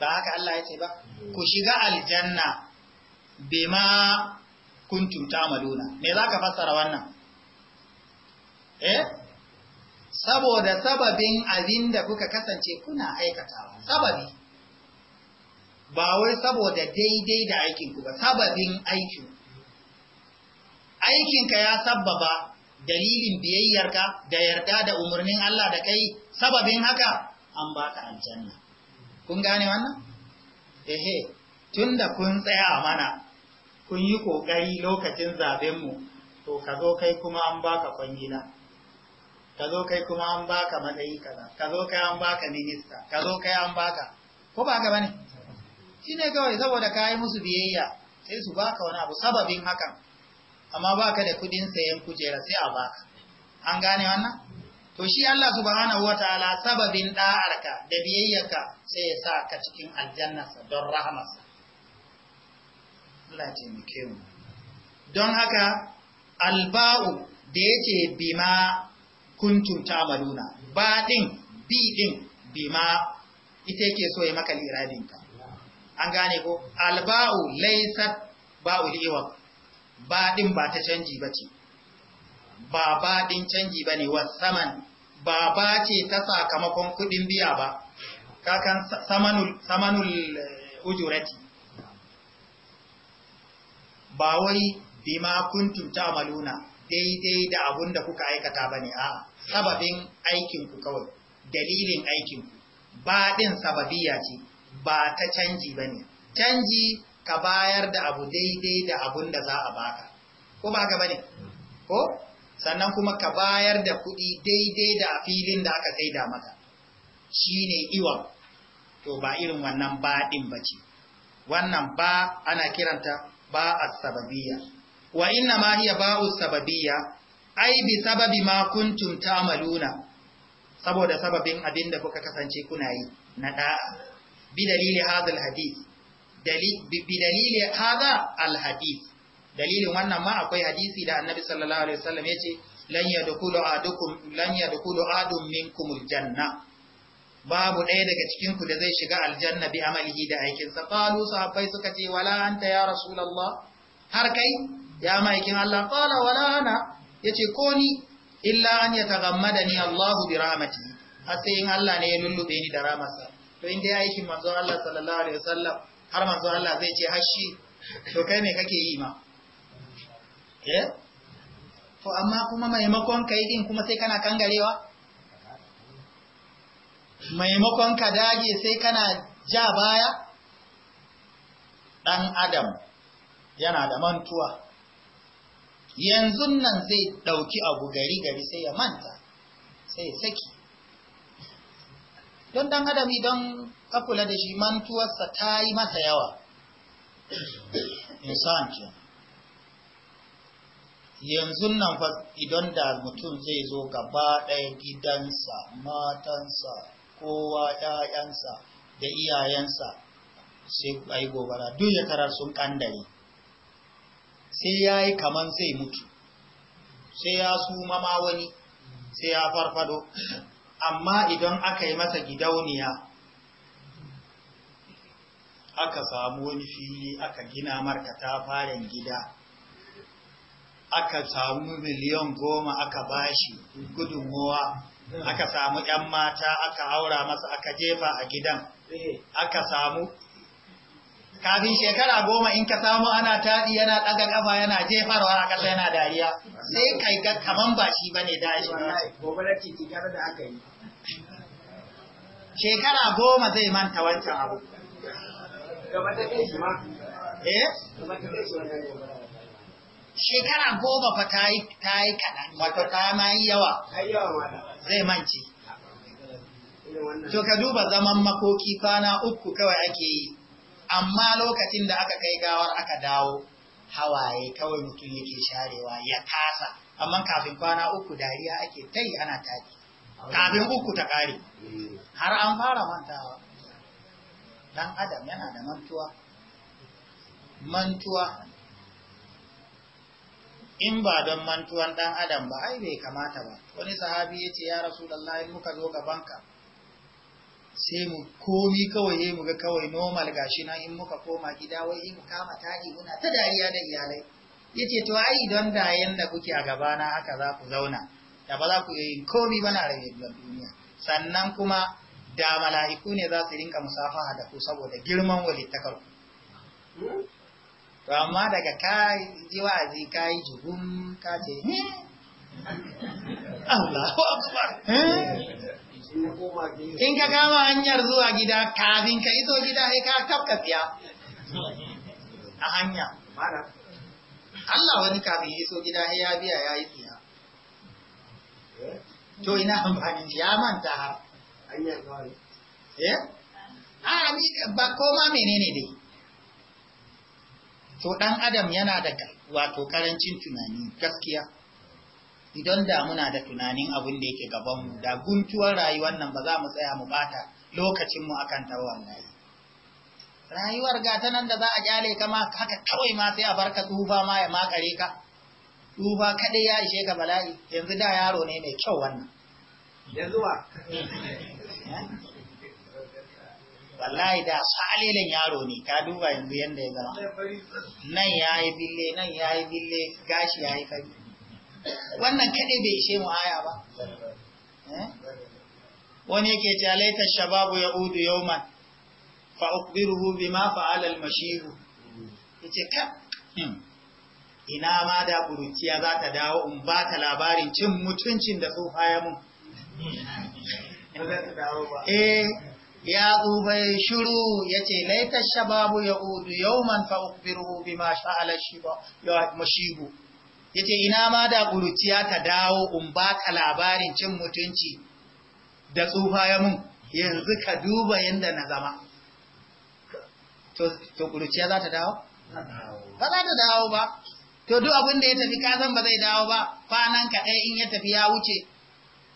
ba haka Allah ya ce ba ku shiga aljanna bima kuntum ta'maluna me za ka fassara wannan eh saboda sababin abin da kuka kasance kuna aikatawa sababi ba wai saboda daidai da aikinku ba sababin aikin aikinka ya sababa dalilin biyayyarka da yarda da umarnin Allah da kai sababin haka an ba ka aljanna kun gane wannan ehe tunda kun tsaya mana kun yi kokari lokacin zaben mu to ka zo kai kuma an baka kwangila ka zo kai kuma an baka matsayi kaza ka zo kai an baka minista ka zo kai an baka ko ba ka bane ne kawai saboda ka yi musu biyayya sai su baka wani abu sababin hakan amma baka da kudin sayan kujera sai a baka an gane wannan to shi Allah subhanahu wataala sababin ɗa'arka da biyayyarka sai ya sa ka cikin aljannarsa don rahmarsa Allah taimake mu don haka alba'u da yake bima kuntum ta'maluna ba din bi din bima ita yake so ya maka liradin an gane ko alba'u laysat ba'u liwa ba din ba ta canji bace ba ba din canji bane saman. ba ba ce ta sakamakon kuɗin biya ba kakan samanul samanul eh, ujurati ba wai bima kuntum ta'maluna daidai da abun da kuka aikata ba ne a sababin aikinku kawai dalilin aikinku ba ɗin sababiya ce ba ta canji ba ne canji ka bayar da abu daidai da abun da za a baka ko ba ba ne ko sannan kuma ka bayar da kuɗi daidai da a filin da aka saida maka shi ne iwan to ba irin wannan ba ɗin ba ce wannan ba ana kiranta ba a sababiya wa inna ma hiya ba'u sababiyya ai bi sababi ma kuntum ta'maluna saboda sababin abinda kuka kasance kuna yi na da'a bi dalili hadha alhadith dalilin wannan ma akwai hadisi da annabi sallallahu alaihi wasallam yace lan yadkhulu adukum lan yadkhulu adum minkumul janna babu ɗaya daga cikin ku da zai shiga aljanna bi amalihi da aikinsa qalu sahabbai suka ce "Wa la'anta ya rasulullah har kai ya maikin Allah qala wa ana yace ko ni illa an ni Allahu bi rahmatihi har sai in Allah ne ya lullube ni da ramasa. to inda ya aikin manzon Allah sallallahu alaihi wasallam har manzon Allah zai ce hashi to kai me kake yi ma eh to amma kuma maimakon kai din kuma sai kana kangarewa maimakon ka dage sai kana ja baya dan adam yana da mantuwa yanzu nan zai ɗauki abu gari gari sai ya manta sai saki don dan adam idan ka kula da shi mantuwarsa ta yi masa yawa insan ke yanzu nan fa idan da mutum zai zo gaba ɗaya gidansa matansa kowa ‘ya'yansa da iyayensa sai ayi gobara duk ya karar sun ƙandare sai ya yi kaman zai mutu sai ya suma ma wani sai ya farfado amma idan aka yi masa gidauniya aka samu wani fili aka gina markata farin gida aka samu miliyan goma aka bashi gudunmowa aka samu 'yan mata aka haura masa aka jefa a gidan eh. aka samu kafin shekara goma in ka samu ana taɗi yana ɗaga ƙafa yana jefarwa a ƙasa yana dariya sai kai ga kaman ba shi bane da shi da aka yi shekara goma zai manta wancan abu shekara goma fa ta yi kaɗan wato ta ma yi yawa zai manci to ka duba zaman makoki kwana uku kawai ake yi amma lokacin da aka kai gawar aka dawo hawaye kawai mutum yake sharewa ya kasa amma kafin kwana uku dariya ake tai ana tafi kafin uku ta kare har an fara mantawa dan adam yana da mantuwa mantuwa in ba don mantuwan dan adam ba ai bai kamata ba wani sahabi ya ce ya rasu in muka zo gabanka sai mu komi kawai ne mu ga kawai normal gashi nan in muka koma gida wai in kama tari muna ta dariya da iyalai yace to ai don da yanda kuke a gaba na haka za ku zauna da ba za ku yi komi ba na rage duniya sannan kuma da mala'iku ne za su rinka musafaha da ku saboda girman walittakar ku to amma daga ka ji wa'azi ka yi ka ce Allahu akbar eh? in ka kama hanyar zuwa gida kafin ka iso gida sai ka kafka a hanya Allah wani kafin iso gida sai ya biya ya yi tsiya to ina amfani ya manta har hanyar kawai eh ba koma menene dai to dan adam yana da wato karancin tunani gaskiya idan da muna da tunanin abin da yake gabanmu da guntuwar rayuwar nan ba za mu tsaya mu bata lokacinmu akan ta wallahi rayuwar gata nan da za a kyale ka ma haka kawai ma sai a barka tsufa ma ya makare ka tsufa kadai ya ishe ka bala'i yanzu da yaro ne mai kyau wannan yanzu wa wallahi da salilan yaro ne ka duba yanzu yanda ya zama nan yayi bille nan yayi bille gashi yayi fari wannan kaɗai bai ishe mu aya ba eh? wani yake ce alaita shababu ya udu yawman fa ukbiruhu bima fa'ala al-mashihu yace ka hmm, ina ma da ƙuruciya za ta dawo in ba ta labarin cin mutuncin da sun ya mun eh ya tsufa ya shiru ya ce laita shababu ya udu yawman fa ukbiruhu bima ma al-mashihu yace ina ma da ƙuruciya ta dawo in ba ka labarin cin mutunci da tsufa ya mun yanzu ka duba yadda na zama to ƙuruciya za ta dawo? ba za ta dawo ba to duk abin da ya tafi kasan ba zai dawo ba kwanan ka ɗaya in ya tafi ya wuce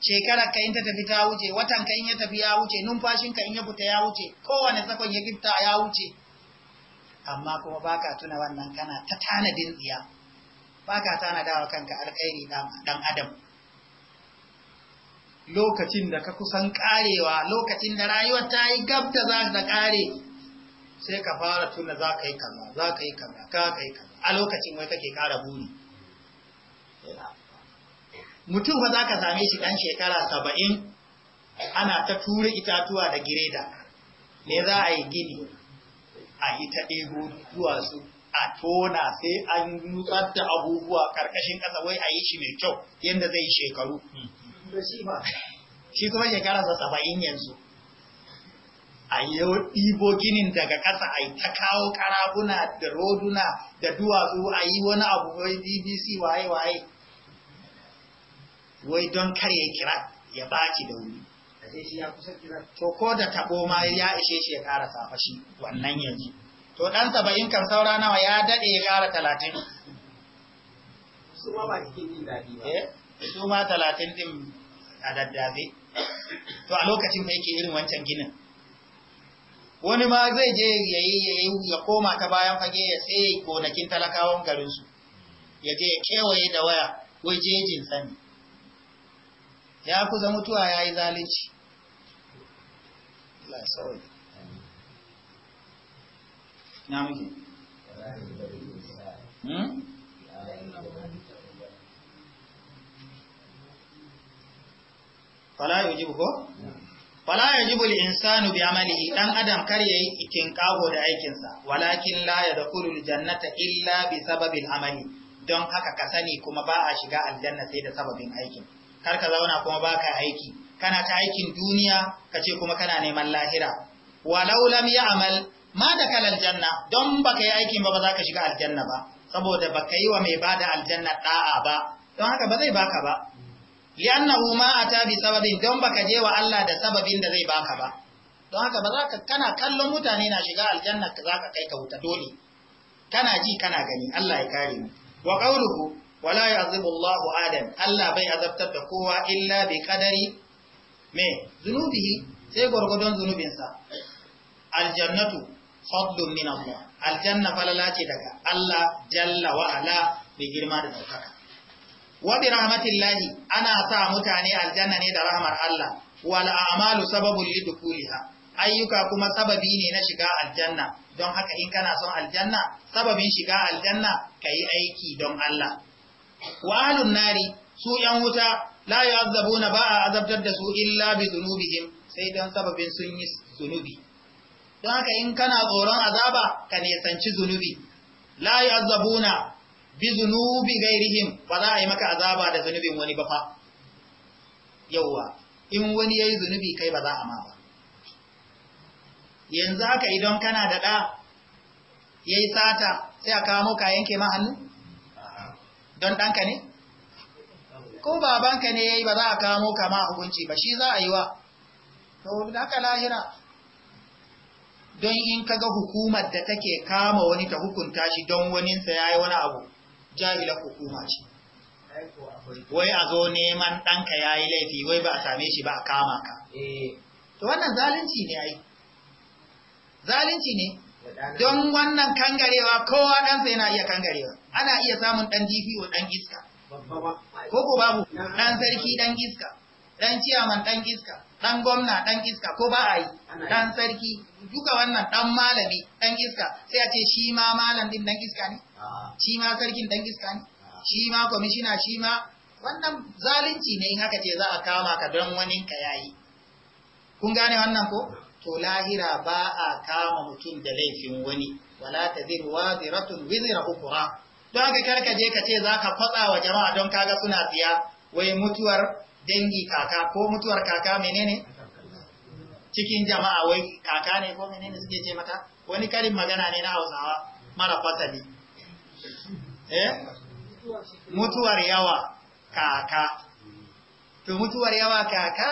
shekarar ka in ta tafi ta wuce watan ka in ya tafi ya wuce numfashin ka in ya fita ya wuce kowane sakon ya fita ya wuce amma kuma baka tuna wannan kana ta tanadin tsiya baka tana dawa kanka alkhairi dan adam lokacin da ka kusan karewa lokacin da rayuwar ta yi gabta za ta kare sai ka fara tuna za ka yi kaza za ka yi kaza ka ka yi kaza a lokacin wai kake kara buri mutum fa za ka same shi dan shekara saba'in ana ta tura itatuwa da gireda me za a yi gini a ita ɗebo duwatsu a tona sai an nutsar da abubuwa ƙarƙashin ƙasa wai a yi shi mai kyau yadda zai shekaru shi kuma shekara sa saba'in yanzu a yau ɗibo ginin daga ƙasa a yi ta kawo ƙarabuna da roduna da duwatsu a yi wani abu wai bbc waye waye wai don kar ya kira ya baci da wuri to ko da tabo ma ya ishe shi ya ƙara safa wannan yanzu to dan saba'in kan saura nawa ya daɗe ya ƙara talatin su ma ba cikin ba eh, talatin ɗin a daddabe. to a lokacin da yake irin wancan ginin wani ma zai je ya koma ta bayan fage ya tsaye gonakin talakawan garinsu ya je ya kewaye da waya wai jejin sani ya kusa mutuwa ya yi zalici. Allah na muke hmm? fala yujibu ko fala insanu bi amalihi dan adam kar yayi ikin kago da aikin sa walakin la yadkhulul jannata illa bi sababil amali don haka ka sani kuma ba a shiga aljanna sai da sababin aikin kar ka zauna kuma baka aiki kana ta aikin duniya kace kuma kana neman lahira walau lam ya'mal ma da kal aljanna don baka yi aikin ba ba za ka shiga aljanna ba saboda baka yi wa mai bada aljanna da'a ba don haka ba zai baka ba li'annahu ma ata bi sababin don baka je wa Allah da sababin da zai baka ba don haka ba za ka kana kallon mutane na shiga aljanna ka za ka kai ka wuta dole kana ji kana gani Allah ya kare mu wa qawluhu wala yu'adhibu Allahu adam Allah bai azabtar da kowa illa bi qadari me zunubihi sai gurgudon zunubinsa aljannatu fadlun min Allah aljanna falala ce daga Allah jalla wa ala mai girma da daukaka wa bi rahmatillahi ana sa mutane aljanna ne da rahmar Allah wal a'malu sababul lidkhuliha ayyuka kuma sababi ne na shiga aljanna don haka in kana son aljanna sababin shiga aljanna yi aiki don Allah wa ahlun nari su yan wuta la na ba a azabtar da su illa bi dhunubihim sai don sababin sun yi zunubi don haka in kana tsoron azaba ka nesanci zunubi la yu'azzabuna bi zunubi gairihin, ba za a yi maka azaba da zunubin wani ba fa yauwa in wani yayi zunubi kai ba za a ma ba yanzu haka idan kana da ɗa yayi sata sai a kawo ka yanke ma hannu don ɗanka ne ko babanka ne yayi ba za a kawo ka ma hukunci ba shi za a yi wa to haka lahira don in kaga hukumar da take kama wani ta hukunta shi don waninsa ya yi wani abu jahilar hukuma ce wai a zo neman ɗanka ya yi laifi wai ba a same shi ba a kama ka eh. to wannan zalunci ne ai zalunci ne don wannan kangarewa kowa ɗansa yana iya kangarewa ana iya samun ɗan jifi wa ɗan iska ko ko babu ɗan sarki ɗan iska ɗan ciyaman ɗan iska dan gwamna dan iska ko ba a yi dan sarki duka wannan dan malami dan iska sai a ce shi ma malam din dan iska ne ah. shi ma sarkin dan iska ne ah. shi ma kwamishina shi ma wannan zalunci ne in haka ce za a kama ka don wani ka yayi kun gane wannan ko to lahira ba a kama mutum da laifin wani wala taziru waziratun wizra ukra don haka karka je ka ce za ka fatsa wa jama'a don kaga suna tsiya wai mutuwar dangi kaka ko mutuwar kaka menene cikin jama'a wai kaka ne ko menene suke ce mata wani karin magana ne na hausawa mara fasali eh mutuwar yawa kaka to mutuwar yawa kaka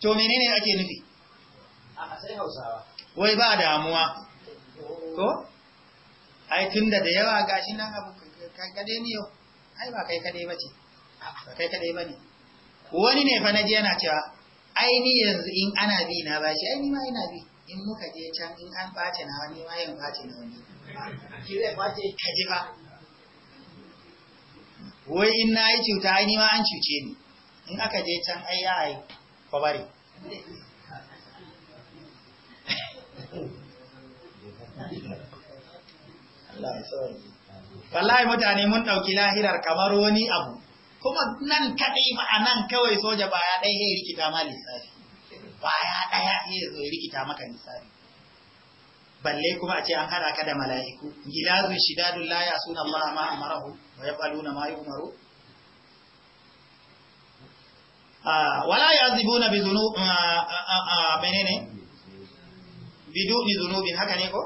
to menene ake nufi a sai hausawa wai ba damuwa ko ai tunda da yawa gashi nan abu kagade ne yau ai ba kai kadai bace ba kai kadai bane wani ne fa naji yana cewa ai ni yanzu in ana bi na bashi ai ni ma ina bi in muka je can in an bace na wani ma yin bace na wani ki zai bace ji ba wai in na yi cuta ai ni ma an cuce ni in aka je can ai ya ai kwabare Allah ya wallahi mutane mun ɗauki lahirar kamar wani abu kuma nan kaɗai ba a nan kawai soja ya ɗaya ya rikita ma lissafi ya ɗaya ya zo rikita maka lissafi balle kuma a ce an haɗa ka da mala'iku gilazun shidadun la ya suna Allah ma amarahu wa ya na ma yumaru ah, wala ya zibuna bi zunu ah, ah, menene biduni zunubin haka ne ko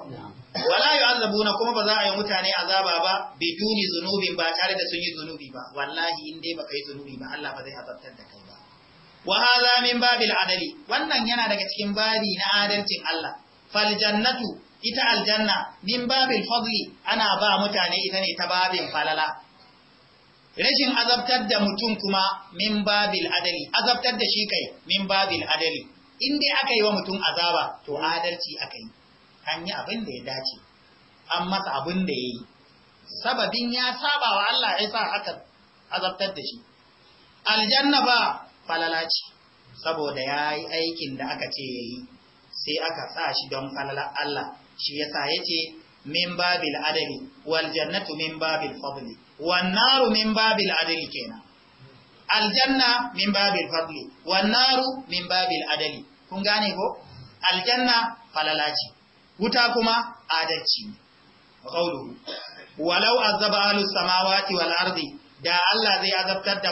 wala yu'azzabuna kuma ba za a yi mutane azaba ba biduni zunubin ba tare da sun yi zunubi ba wallahi in dai baka yi zunubi ba Allah ba zai azabtar da kai ba wa hadha min babil adali wannan yana daga cikin babi na adalcin Allah fal jannatu ita aljanna min babil fadli ana ba mutane ita ne ta babin falala rashin azabtar da mutum kuma min babil adali azabtar da shi kai min babil adali in dai aka yi wa mutum azaba to adalci aka yi an yi abin da ya dace an masa abin da ya yi sababin ya saba wa Allah ya sa aka azabtar da shi aljanna ba falala ce saboda ya yi aikin da aka ce ya yi sai aka sa shi don falala Allah shi ya sa ya ce min babil adali wal jannatu min babil fadli wan naru min babil adali kenan aljanna min babil fadli wan naru min babil adali kun gane ko aljanna falalaci wuta kuma adalci qawluhu walau azaba ahlus samawati wal ardi da Allah zai azabtar da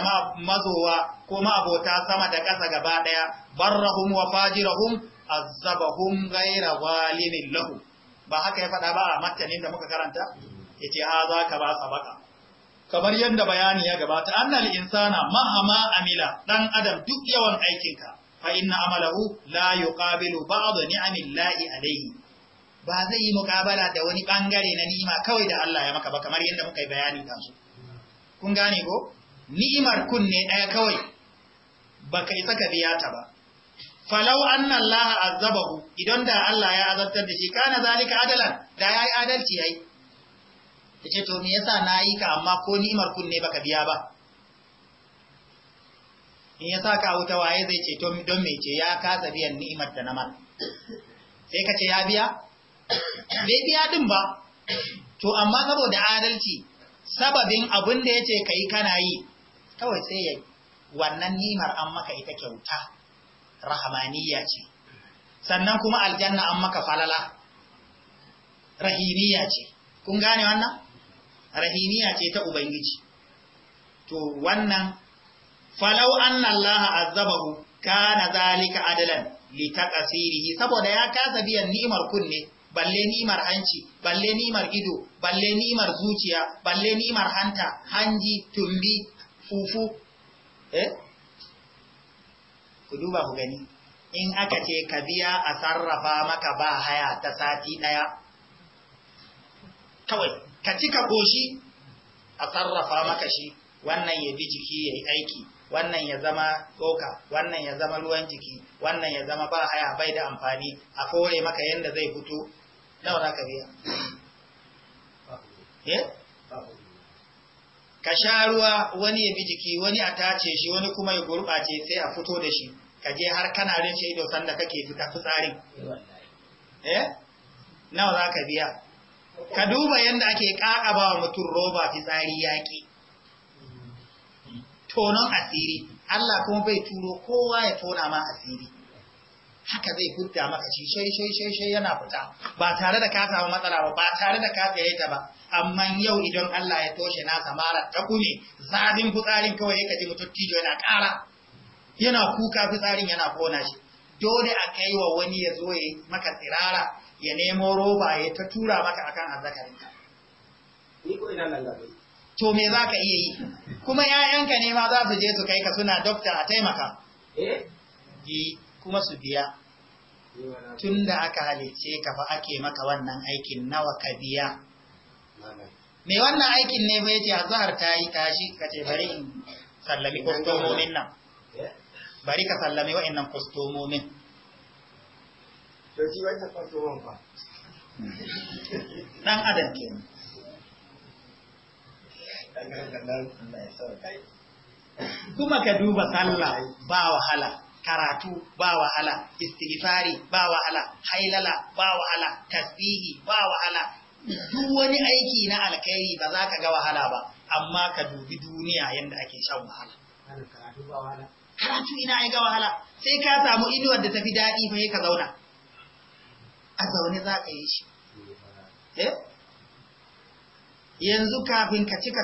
mazowa ko ma'abota sama da ƙasa gaba ɗaya barrahum wa fajirahum azabahum ghayra zalimin lahu ba haka ya faɗa ba a matanin da muka karanta yace ha za ka ba sabaka kamar yadda bayani ya gabata annal insana mahama amila dan adam duk yawan aikinka fa inna amalahu la yuqabilu ba'd ni'amillahi alayhi ba zai yi muƙabala da wani bangare na ni'ima kawai da Allah ya maka ba kamar yadda muka yi bayani kansu kun gane ko ni'imar kunne ɗaya kawai baka isa ka biya ta ba falau anna Allah azabahu idan da Allah ya azabtar da shi kana zalika adalan da yayi adalci yayi ya ce to me yasa na yi ka amma ko nimar kunne baka biya ba in yasa ka wuta waye zai ce don me ce ya kasa biyan ni'imar da na mal sai ka ce ya biya bai biya din ba to amma saboda adalci sababin abin da yace ce kana yi kawai sai ya wannan nimar an maka ita kyauta rahmaniyya ce sannan kuma aljanna an maka falala rahimiya ce kun gane wannan rahimiya ce ta ubangiji to wannan falau anna allaha azabahu kana zalika adalan li taqasirihi saboda ya kasa biyan nimar kunne balle ni'imar hanci balle ni'imar ido balle ni'imar zuciya balle ni'imar hanta hanji tumbi fufu eh ku duba ku gani in aka ce ka biya a sarrafa maka ba haya ta sati ɗaya kawai ka ci ka koshi a sarrafa maka shi wannan ya bi jiki ya aiki wannan ya zama doka, wannan ya zama ruwan jiki wannan ya zama ba haya bai da amfani a kore maka yadda zai fito nawa za ka biya eh? ka sha ruwa wani ya bi jiki wani a tace shi wani kuma ya gurɓace sai a fito da shi ka je har kana rince ido sanda kake fita fitsarin eh, eh? nawa za ka biya ka duba yadda ake ƙa'aba wa mutum roba fitsari yaƙi tonon asiri Allah kuma bai turo kowa ya tona ma asiri haka zai fudda maka shi shai shai shai shai yana fita ba tare da ka samu matsala ba ba tare da ka tsaye ta ba amma yau idan Allah ya toshe na samara ta kune zafin fitsarin kawai ya kaji mutum tijo yana ƙara yana kuka fitsarin yana kona shi dole a kai wa wani ya zo ya maka tsirara ya nemo roba ya ta tura maka akan azzakarinka ni ko to me za ka iya yi kuma ‘ya'yanka ne ma za su je su kai ka suna dokta a taimaka eh kuma su biya tun da aka halice ka fa ake maka wannan aikin nawa ka biya mai wannan aikin ne bai ce a zuhar ta yi tashi ka ce bari in sallami nan eh? bari ka sallami wa'in nan kuma ka duba sallah ba wahala karatu ba wahala istighfari ba wahala hailala ba wahala tasbihi ba wahala duk wani aiki na alkhairi ba za ka ga wahala ba amma ka dubi duniya yadda ake shan wahala karatu ina ai ga wahala sai ka samu inuwar da tafi daɗi fa ka zauna a zaune za ka yi shi eh? yanzu kafin ka cika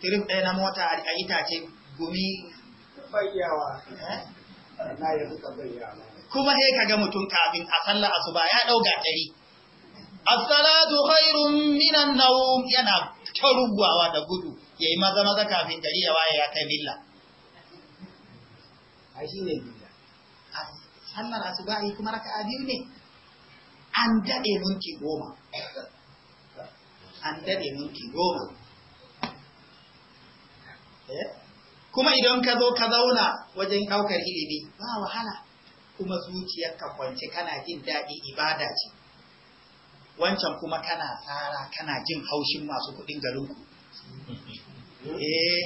firif ɗaya na mota a itace gumi bayyawa na eh? yanzu ka bayyawa kuma sai ka ga mutum kafin a sallah asuba ya ɗauga tari as-salatu khairun minan nawm yana tarugawa da gudu yayi maza maza kafin gari ya waye ya kai billa ai shine billa sallar asuba kuma raka'a biyu ne an daɗe minti goma an daɗe minti goma eh? kuma idan ka zo ka zauna wajen ɗaukar ilimi ba wahala kuma zuciyar ka kwance kana jin daɗi ibada ce wancan kuma kana tsara kana jin haushin masu kuɗin garinku eh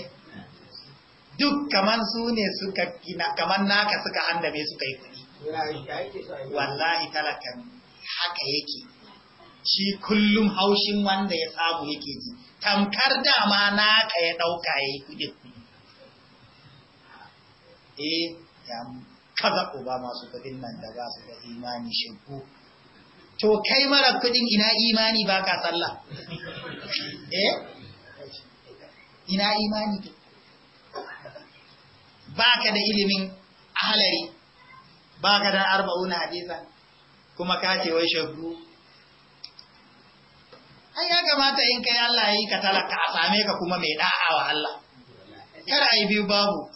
duk kaman su ne suka kaman naka suka handame suka yi kuɗi wallahi talakan haka yake shi kullum haushin wanda ya samu yake ji tamkar dama naka ya ɗauka ya yi kudin eh ya kaza uba masu kudin nan da ba su da imani shinku to kai mara kudin ina imani ba ka sallah eh ina imani ke ba ka da ilimin ahalari ba ka da arba'una hadisan kuma ka ce wai shakku ai ya kamata in kai Allah yi ka talaka a same ka kuma mai da'a wa Allah kar ai biyu babu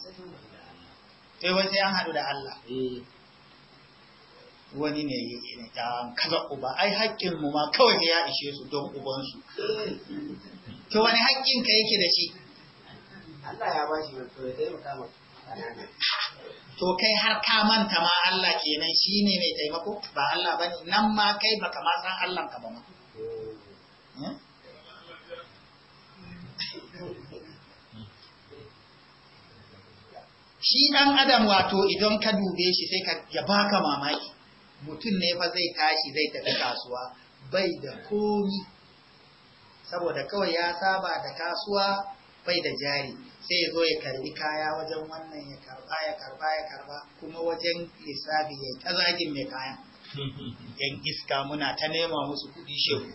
sai wai sai an hadu da Allah wani ne yi ta kaza uba ai haƙƙin mu ma kawai ya ishe su don uban su to wani haƙƙin ka yake da shi Allah ya bashi mai ya sai mu kama to kai har ka manta ma Allah kenan shi ne mai taimako ba Allah ba ne nan ma kai ba ma san Allah ka ba ma. Eh? Shi ɗan adam wato idan ka dube shi sai ka ya baka mamaki mutum ne fa zai tashi zai tafi kasuwa bai da komi saboda kawai ya saba da kasuwa bai da jari. sai zo ya karbi kaya wajen wannan ya karba ya karba ya karba kuma wajen lissafi ya ta zagin mai kaya yan iska muna ta nema musu kuɗi shehu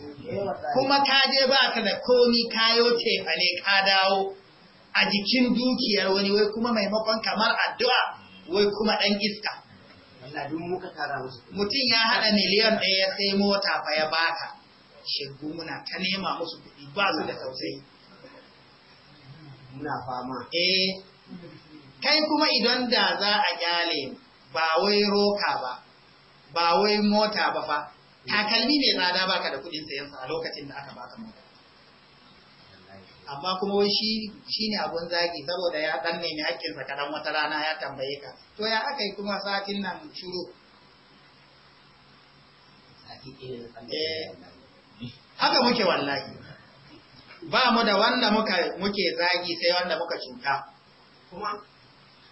kuma ka je ba ka da komi kayo tefale ka dawo a jikin dukiyar wani wai kuma maimakon kamar addu'a wai kuma ɗan iska mutum ya haɗa miliyan ɗaya sai mota fa ya baka shehu muna ta nema musu kuɗi ba su da tausayi muna fama eh kai kuma idan da za a kyale ba wai roka ba ba wai mota ba fa takalmi mai tsada baka da kudin sayansa a lokacin da aka ba ka mota amma kuma wai shi ne abun zagi saboda ya dan nemi hakkin sa kadan wata rana ya tambaye ka to ya akai kuma satin nan shuru eh, haka muke wallahi ba mu da wanda muke zagi sai wanda muka cinta kuma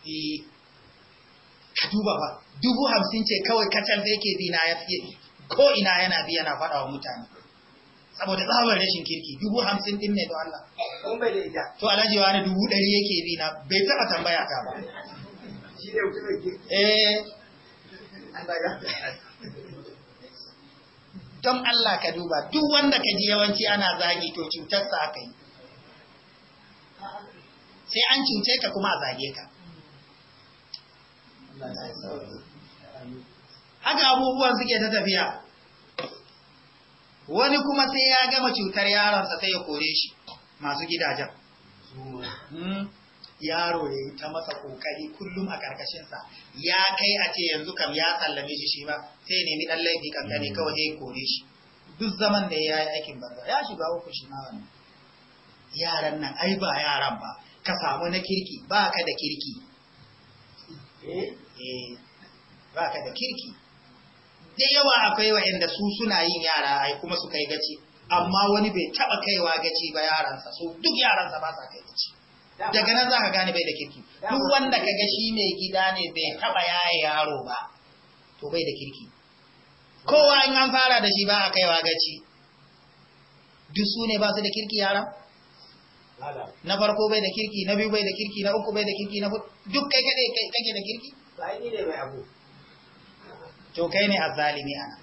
eh, ka duba ba dubu hamsin ce kawai kacal zai ke bi na ya fiye ko ina yana bi yana faɗa wa mutane saboda tsawon rashin kirki dubu hamsin ɗin ne da Allah to alhaji wani dubu ɗari yake bi na bai taɓa tambaya ta ba eh don Allah ka duba duk wanda ka ji yawanci ana zagi to cutarsa aka yi sai an cuce ka kuma a zage ka haka abubuwan suke ta tafiya wani kuma sai ya gama cutar yaronsa sai ya kore shi masu gidajen hmm. yaro ya yi ta masa kokari kullum a karkashinsa ya kai a ce yanzu kam ya sallame shi shi ba sai ya nemi ɗan laifi kankani mm. kawai ya kore shi duk zaman da ya yi aikin banza ya shiga uku shi ma wannan yaran nan ai ba yaran ba ka samu na kirki ba ka da kirki eh? Eh, ba ka da kirki da yawa akwai wa'anda su suna yin yara ai kuma su kai gaci amma wani bai taba kaiwa gaci ba yaransa su duk yaransa ba sa kai gaci daga nan za ka gane bai da kirki duk wanda ka ga shi mai gida ne bai taba yaye yaro ba to bai da kirki kowa in an fara da shi ba a kaiwa gaci duk su ne ba su da kirki yara na farko bai da kirki na biyu bai da kirki na uku bai da kirki na hudu duk kai kade kake da kirki to kai ne azzalimi ana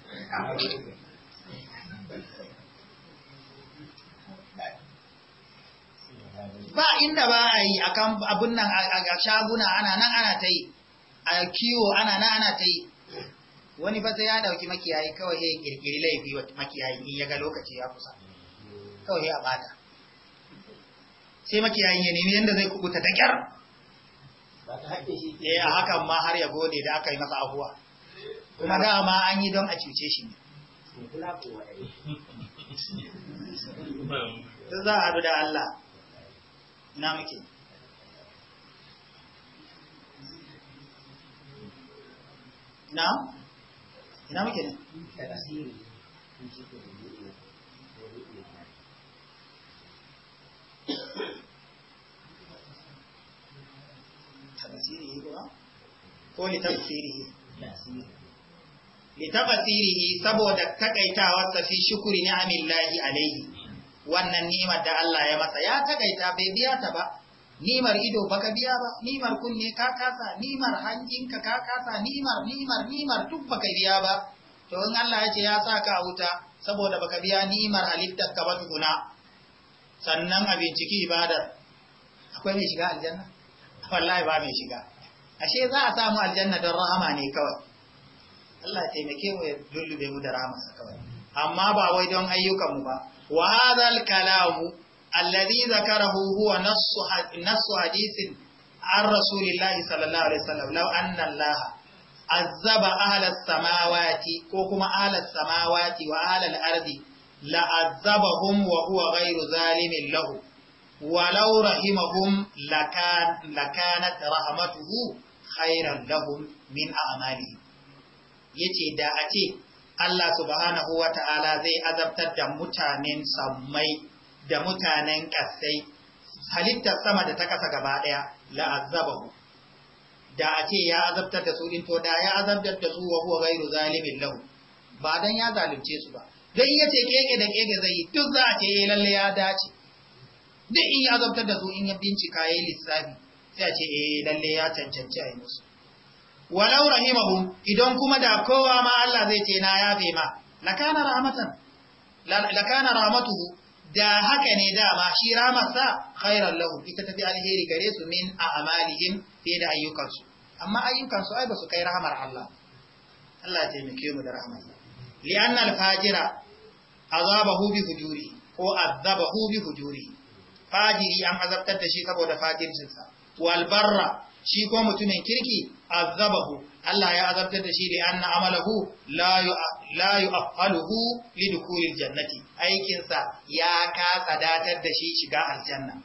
ba inda ba a yi a abun nan a shaguna ana nan ana ta yi a kiwo ana nan ana ta yi wani ba sai ya dauki makiyayi kawai ya kirkiri laifi wa makiyayi in ya ga lokaci ya kusa kawai ya bata sai makiyayi ya nemi yanda zai kubuta da kyar eh a hakan ma har ya gode da aka yi masa abuwa kuma dama an yi don a cuce shi ne za a haɗu da Allah ina muke na? ina muke ne tabasirihi ba ko litabasirihi ne? saboda takaitawarsa fi shukuri ni'amillahi alaihi wannan nimar da Allah ya masa ya takaita bai biya ta ba nimar ido baka biya ba nimar kunne ka kasa nimar hanjin ka kasa nimar nimar nimar duk baka biya ba to in Allah ya ce ya sa ka wuta saboda baka biya nimar halittar ka ba tukuna sannan a binciki ibadar akwai mai shiga aljanna wallahi ba mai shiga ashe za a samu aljanna don rahama ne kawai Allah ya taimake mu ya dullube mu da rahamarsa kawai amma ba wai don ayyukan mu ba wa hadha al-kalamu alladhi zakarahu huwa nassu hadithin an rasulillahi sallallahu alaihi wasallam law anna allaha azaba ahlas samawati ko kuma ahlas samawati wa ahlal ardi la azabahum wa huwa ghairu zalimin lahu walau rahimahum lakan rahmatu hu, khairan lahu min a'malihim yace da a Allah subhanahu wa ta'ala zai azabtar da mutanen sammai da mutanen ƙasai halittar sama da ta ƙasa gaba ɗaya la'azzabahu da a ce ya azabtar da su din to da ya azabtar da su wa huwa ghairu zalimin lahu ba dan ya zalunce su ba dan yace keke da keke zai yi duk za a ce eh lalle ya dace duk in ya azabtar da su in ya bincika yayi lissafi sai a ce eh lalle ya cancanci a yi musu walau rahimahum idan kuma da kowa ma Allah zai ce na yafe ma lakana rahmatan lakana rahmatuhu da haka ne dama shi ramarsa khairan lahu ita tafi alheri gare su min a amalihim fiye da ayyukansu amma ayyukansu ai ba su kai rahamar Allah Allah ya taimake mu da rahamarsa li'anna fajira azabahu bi hujuri ko azabahu bi hujuri fajiri an azabtar da shi saboda fajirinsa wal barra shi ko mutumin kirki azabahu Allah ya azabtar da shi da anna amalahu la yu'affaluhu lidukhulil jannati aikinsa ya kasa datar da shi shiga aljanna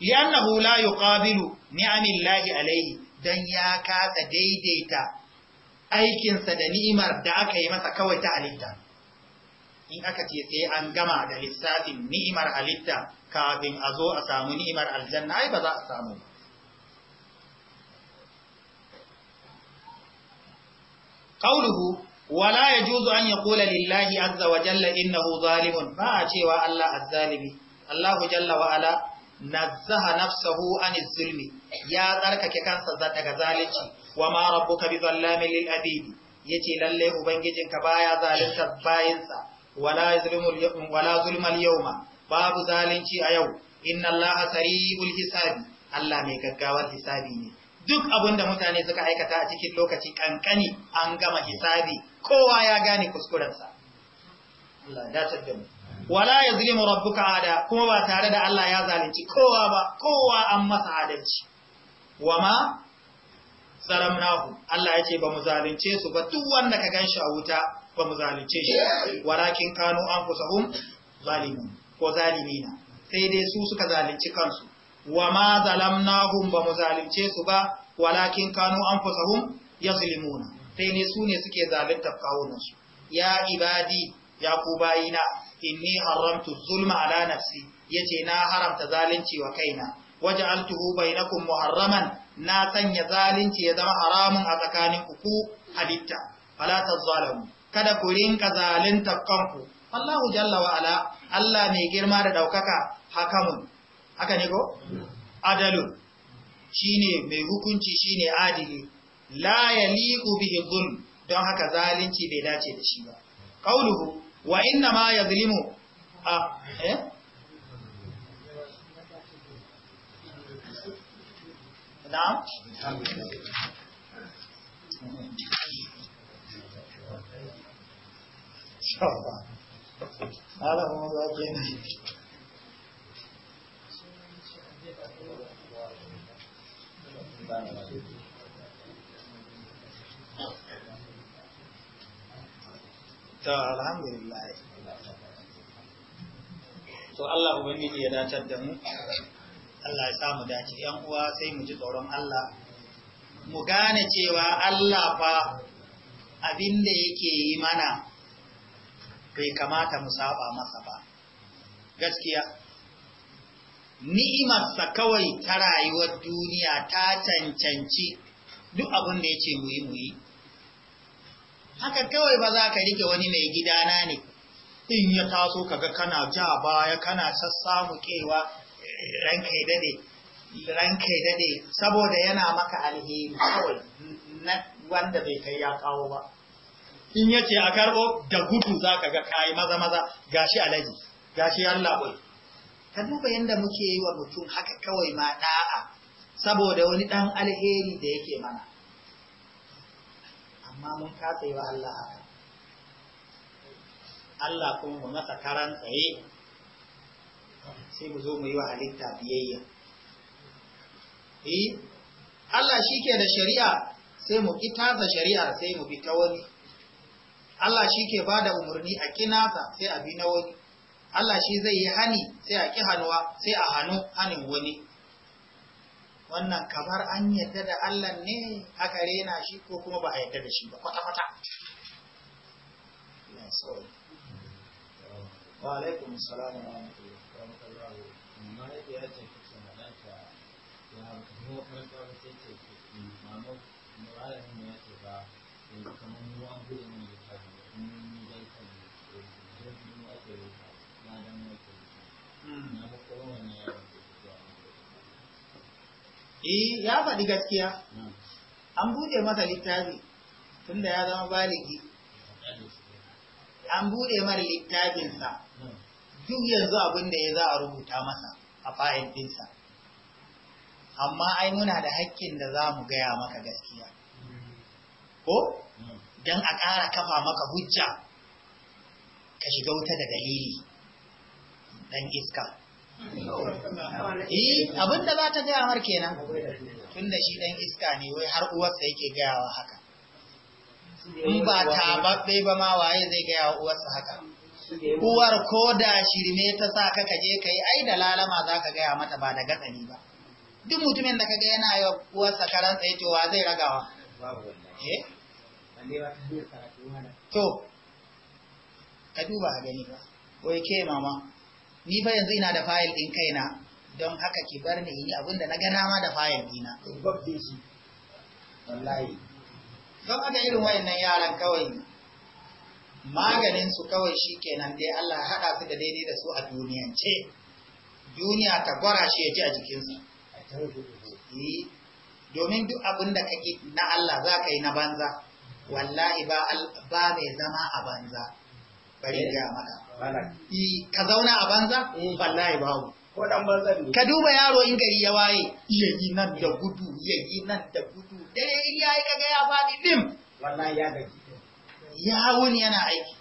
li'annahu la yuqabilu ni'amillahi alayhi dan ya kasa daidaita aikinsa da ni'imar da aka yi masa kawai ta halitta in aka ce sai an gama da lissafin ni'imar halitta kafin a zo a samu ni'imar aljanna ai ba za a samu ba Kauluhu, wala ya juzu an ya kula lillahi azza wa jalla innahu zalimun ba a cewa Allah azzalimi, Allahu jalla wa ala nazzaha nafsahu an zulmi ya tsarkake kansa daga zalunci wa ma rabbuka bi zallamin lil abidi yace lalle ubangijinka baya zalunta bayinsa wala zulmul yawm wala zulmal yawma babu zalunci a yau inna allaha sari'ul hisabi Allah mai gaggawar hisabi ne duk abin da mutane suka aikata a cikin lokaci kankani an gama hisabi kowa ya gane kuskurensa Allah ya da mu wala yazlimu rabbuka ada kuma ba tare da Allah ya zalunci kowa ba kowa an masa adalci wama saramnahu Allah ya ce ba mu zalunce su ba duk wanda ka ganshi a wuta ba mu zalunce shi walakin kanu anfusahum zalimun ko zalimina sai dai su suka zalunci kansu wa ma zalamnahum ba mu su ba walakin kanu anfusahum yazlimuna sai ne su ne suke zalunta kawunan su ya ibadi ya ku bayina inni haramtu zulma ala nafsi yace na haramta zalunci wa kaina bai bainakum muharraman na sanya zalunci ya zama haramun a tsakanin ku ku halitta fala tazalamu kada ku rinka zalunta kanku Allahu jalla wa ala Allah mai girma da daukaka hakamun haka ne ko adalun shine mai hukunci shine adili la yaliqu bihi don haka zalunci bai dace da shi ba qauluhu wa inna ma yazlimu a eh na'am Allah to alhamdulillah to Allah ubangiji ya dacar da mu Allah ya samu dace yan uwa sai mu ji tsoron Allah mu gane cewa Allah fa abin da yake yi mana bai kamata mu saba masa ba gaskiya ni'imarsa kawai ta rayuwar duniya ta cancanci duk abin da ya ce muyi muyi haka kawai ba za ka rike wani mai gidana ne in ya taso kaga kana ja baya kana sassa kewa ranka ya dade ranka ya dade saboda yana maka alheri kawai na wanda bai kai ya kawo ba in yace a karbo da gudu za ka ga kayi maza maza gashi alaji gashi Allah boy ka duba yadda muke yi wa mutum haka kawai ma da'a saboda wani ɗan alheri da yake mana amma mun katse wa Allah haka Allah kun mu masa karan tsaye sai mu zo mu yi wa halitta biyayya eh Allah shi ke da shari'a sai mu ƙi tasa shari'a sai mu bi ta wani Allah shi ke ba da umarni a kinasa sai a bi na wani Allah shi zai yi hani sai a ƙi hannuwa sai a hannu hanin wani wannan kamar an yadda da Allah ne aka rena shi ko kuma ba a yarda da shi ba kwata-kwata wa alaikum salamu wa rahmatullahi wa ya ce da ake Eh ya faɗi gaskiya, an buɗe masa littafi tunda ya zama baligi, an buɗe mara littafinsa duk yanzu abin ya za a rubuta masa a fa’in ɗinsa. Amma ai muna da haƙƙin da za mu gaya maka gaskiya, ko? Don a ƙara kafa maka hujja ka shiga wuta da dalili. ɗan iska hmm. eh abinda za ta gaya har kenan tunda shi ɗan iska ne wai har uwarsa yake gayawa haka in ba taɓaɓɓe ba ma waye zai gaya wa uwarsa haka uwar ko da shirme ta sa ka kaje ka yi ai da lalama za ka gaya mata ba da gatsani ba duk mutumin da ka ga yana yi wa uwarsa karan tsaye to wa zai ragawa eh to ka duba a gani ba wai ke mama ni fa yanzu ina da fayil ɗin kaina don haka ki bar ni yi abin na ga dama da fayil ɗina. Wallahi. Don haka irin wayannan yaran kawai maganin kawai shi kenan dai Allah haɗa su da daidai da su a duniyance. Duniya ta gwara shi ya ji a jikinsa. Eh, domin duk abinda da kake na Allah za ka yi na banza, wallahi ba mai zama a banza. bari mana i ka zauna a banza mm. wallahi babu ka duba yaro in gari ya waye iya yi nan da mm. gudu iya yi nan da gudu dare in yi kaga ya faɗi dim wallahi ya gaji ya wuni yana aiki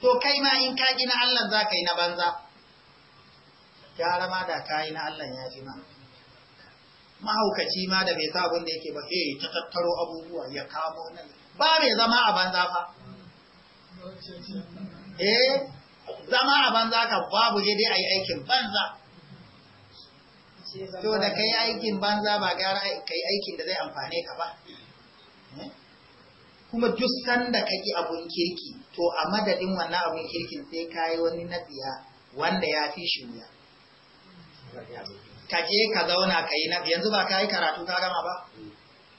to kai ma in ka gina Allah za ka yi na banza gyara ma da ka yi na Allah ya ji ma mahaukaci ma da bai sa abin da yake ba eh ta tattaro abubuwa ya kamo nan ba mai zama a banza fa eh zama a banza ka babu je dai a yi aikin banza to da ka yi aikin banza ba gara ka yi aikin da zai amfane ka ba eh? kuma duk sanda ka ƙi abun kirki to a madadin wannan abun kirkin sai ka yi wani nabiya wanda ya fi shi ka je ka zauna ka yi yanzu ba ka yi karatu ka gama ba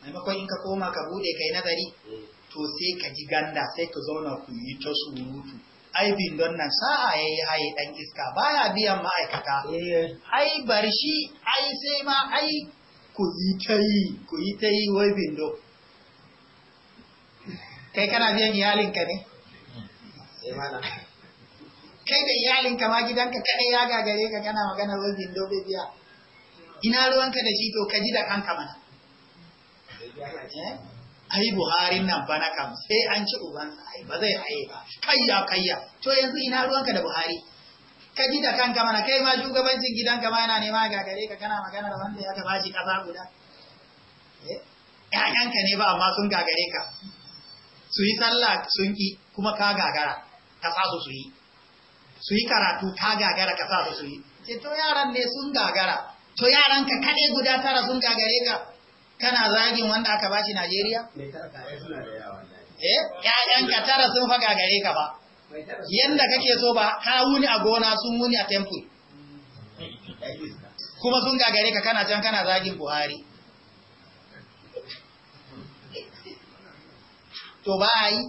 maimakon in ka koma ka bude ka yi nazari to sai ka ji ganda sai ka zauna ku yi ta surutu aibin don nan sa'a ya yi haye ɗan iska ba ya biyan ma'aikata eh. ai bar shi ai sai ma ai ku yi ta yi ku yi ta yi wai bindo kai kana biyan iyalinka ne eh, kai da iyalinka ma gidanka kaɗai ya gagare ka kana magana wai bindo bai biya ina ruwanka da shi to ka ji da kanka mana ai buharin nan fa na kam sai an ci ubansa ai ba zai haye ba kayya kayya to yanzu ina ruwanka da buhari ka ji da kanka mana kai ma shugabancin gidanka ma yana nema ga gare ka kana maganar wanda ya ka baci kaza guda eh? ƴaƴanka ne ba amma sun gagare ka su yi sallah sun ki kuma ka gagara ka sa su su yi su yi karatu ka gagara ka sa su su yi to yaran ne sun gagara to yaranka kaɗai guda tara sun gagare ka kana zagin wanda aka bashi Najeriya? Eh, ‘ya'yanka tara sun faga gare ka ba, yadda kake so ba, ha wuni a gona sun wuni a temple. Kuma sun gagare ka kana can kana zagin Buhari. To ba a yi?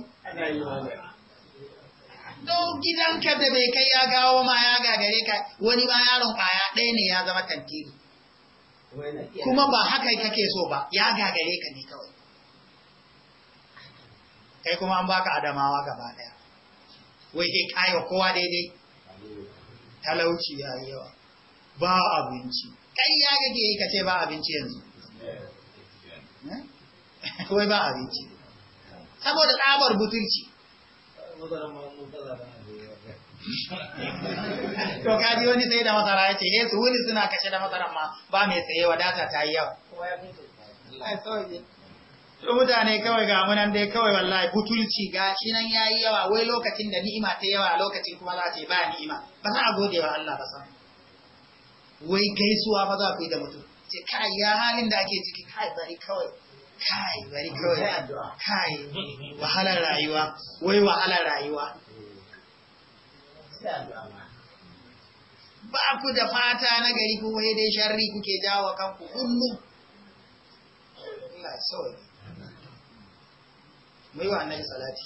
Don gidanka da bai kai ya gawo ma ya gagare ka wani ba yaron kwaya ɗaya ne ya zama tantiri. kuma ba haka kake so ba ya gagare ka ne kawai kai kuma an baka adamawa gaba daya wai ke kayo kowa daidai talauci ya yi yawa ba abinci kai ya gage ka ce ba abinci yanzu Kuma ba abinci saboda tsabar butulci to kaji wani sai da masara ya ce eh su wuni suna kashe da masarar ma ba mai tsaye wadata ta yi yawa to mutane kawai ga munan dai kawai wallahi butulci ga shi nan yayi yawa wai lokacin da ni'ima ta yawa lokacin kuma za a ce ba ni'ima ba za a gode wa Allah ba san wai gaisuwa ba za ku yi da mutum ce kai ya halin da ake ciki kai bari kawai kai bari kawai kai wahalar rayuwa wai wahalar rayuwa ba ku da fata na gari ko wai dai sharri kuke jawo kanku kullum Allah so mu wa annabi salati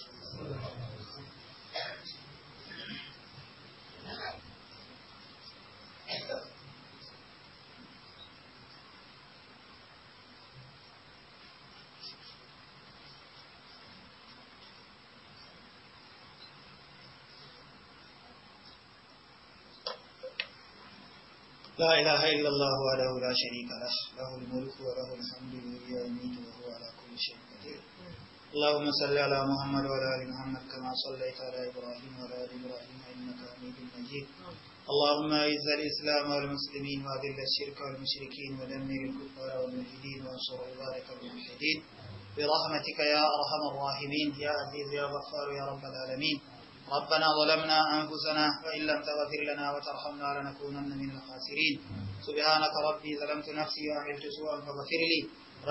لا إله إلا الله وله لا شريك له له الملك وله الحمد يحيي يميت وهو على كل شيء قدير اللهم صل على محمد وعلى آل محمد كما صليت على إبراهيم وعلى آل إبراهيم إنك حميد مجيد اللهم أعز الإسلام والمسلمين وأذل الشرك والمشركين ودمر الكفار والملحدين وانصر عبادك الموحدين برحمتك يا أرحم الراحمين يا عزيز يا غفار يا رب العالمين ربنا ظلمنا أنفسنا وإن لم تغفر لنا وترحمنا لنكونن من الخاسرين سبحانك ربي ظلمت نفسي وعملت سوءا فغفر لي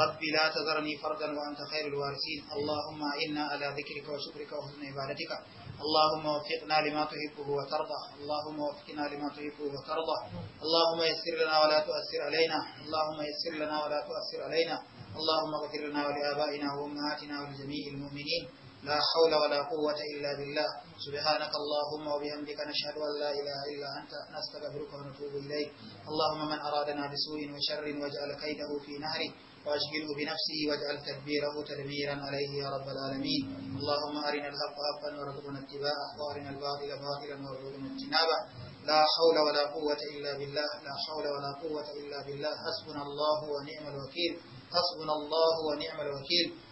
ربي لا تذرني فردا وأنت خير الوارثين اللهم إنا على ذكرك وشكرك وحسن عبادتك اللهم وفقنا لما تحبه وترضى اللهم وفقنا لما تحبه وترضى اللهم يسر لنا ولا تؤثر علينا اللهم يسر لنا ولا تؤثر علينا اللهم اغفر لنا ولآبائنا وأمهاتنا ولجميع المؤمنين لا حول ولا قوة إلا بالله سبحانك اللهم وبحمدك نشهد أن لا إله إلا أنت نستغفرك ونتوب إليك اللهم من أرادنا بسوء وشر واجعل كيده في نهره واشغله بنفسه واجعل تدبيره تدميرا عليه يا رب العالمين اللهم أرنا الحق حقا وارزقنا اتباعه وأرنا الباطل باطلا وارزقنا اجتنابه لا حول ولا قوة إلا بالله لا حول ولا قوة إلا بالله حسبنا الله ونعم الوكيل حسبنا الله ونعم الوكيل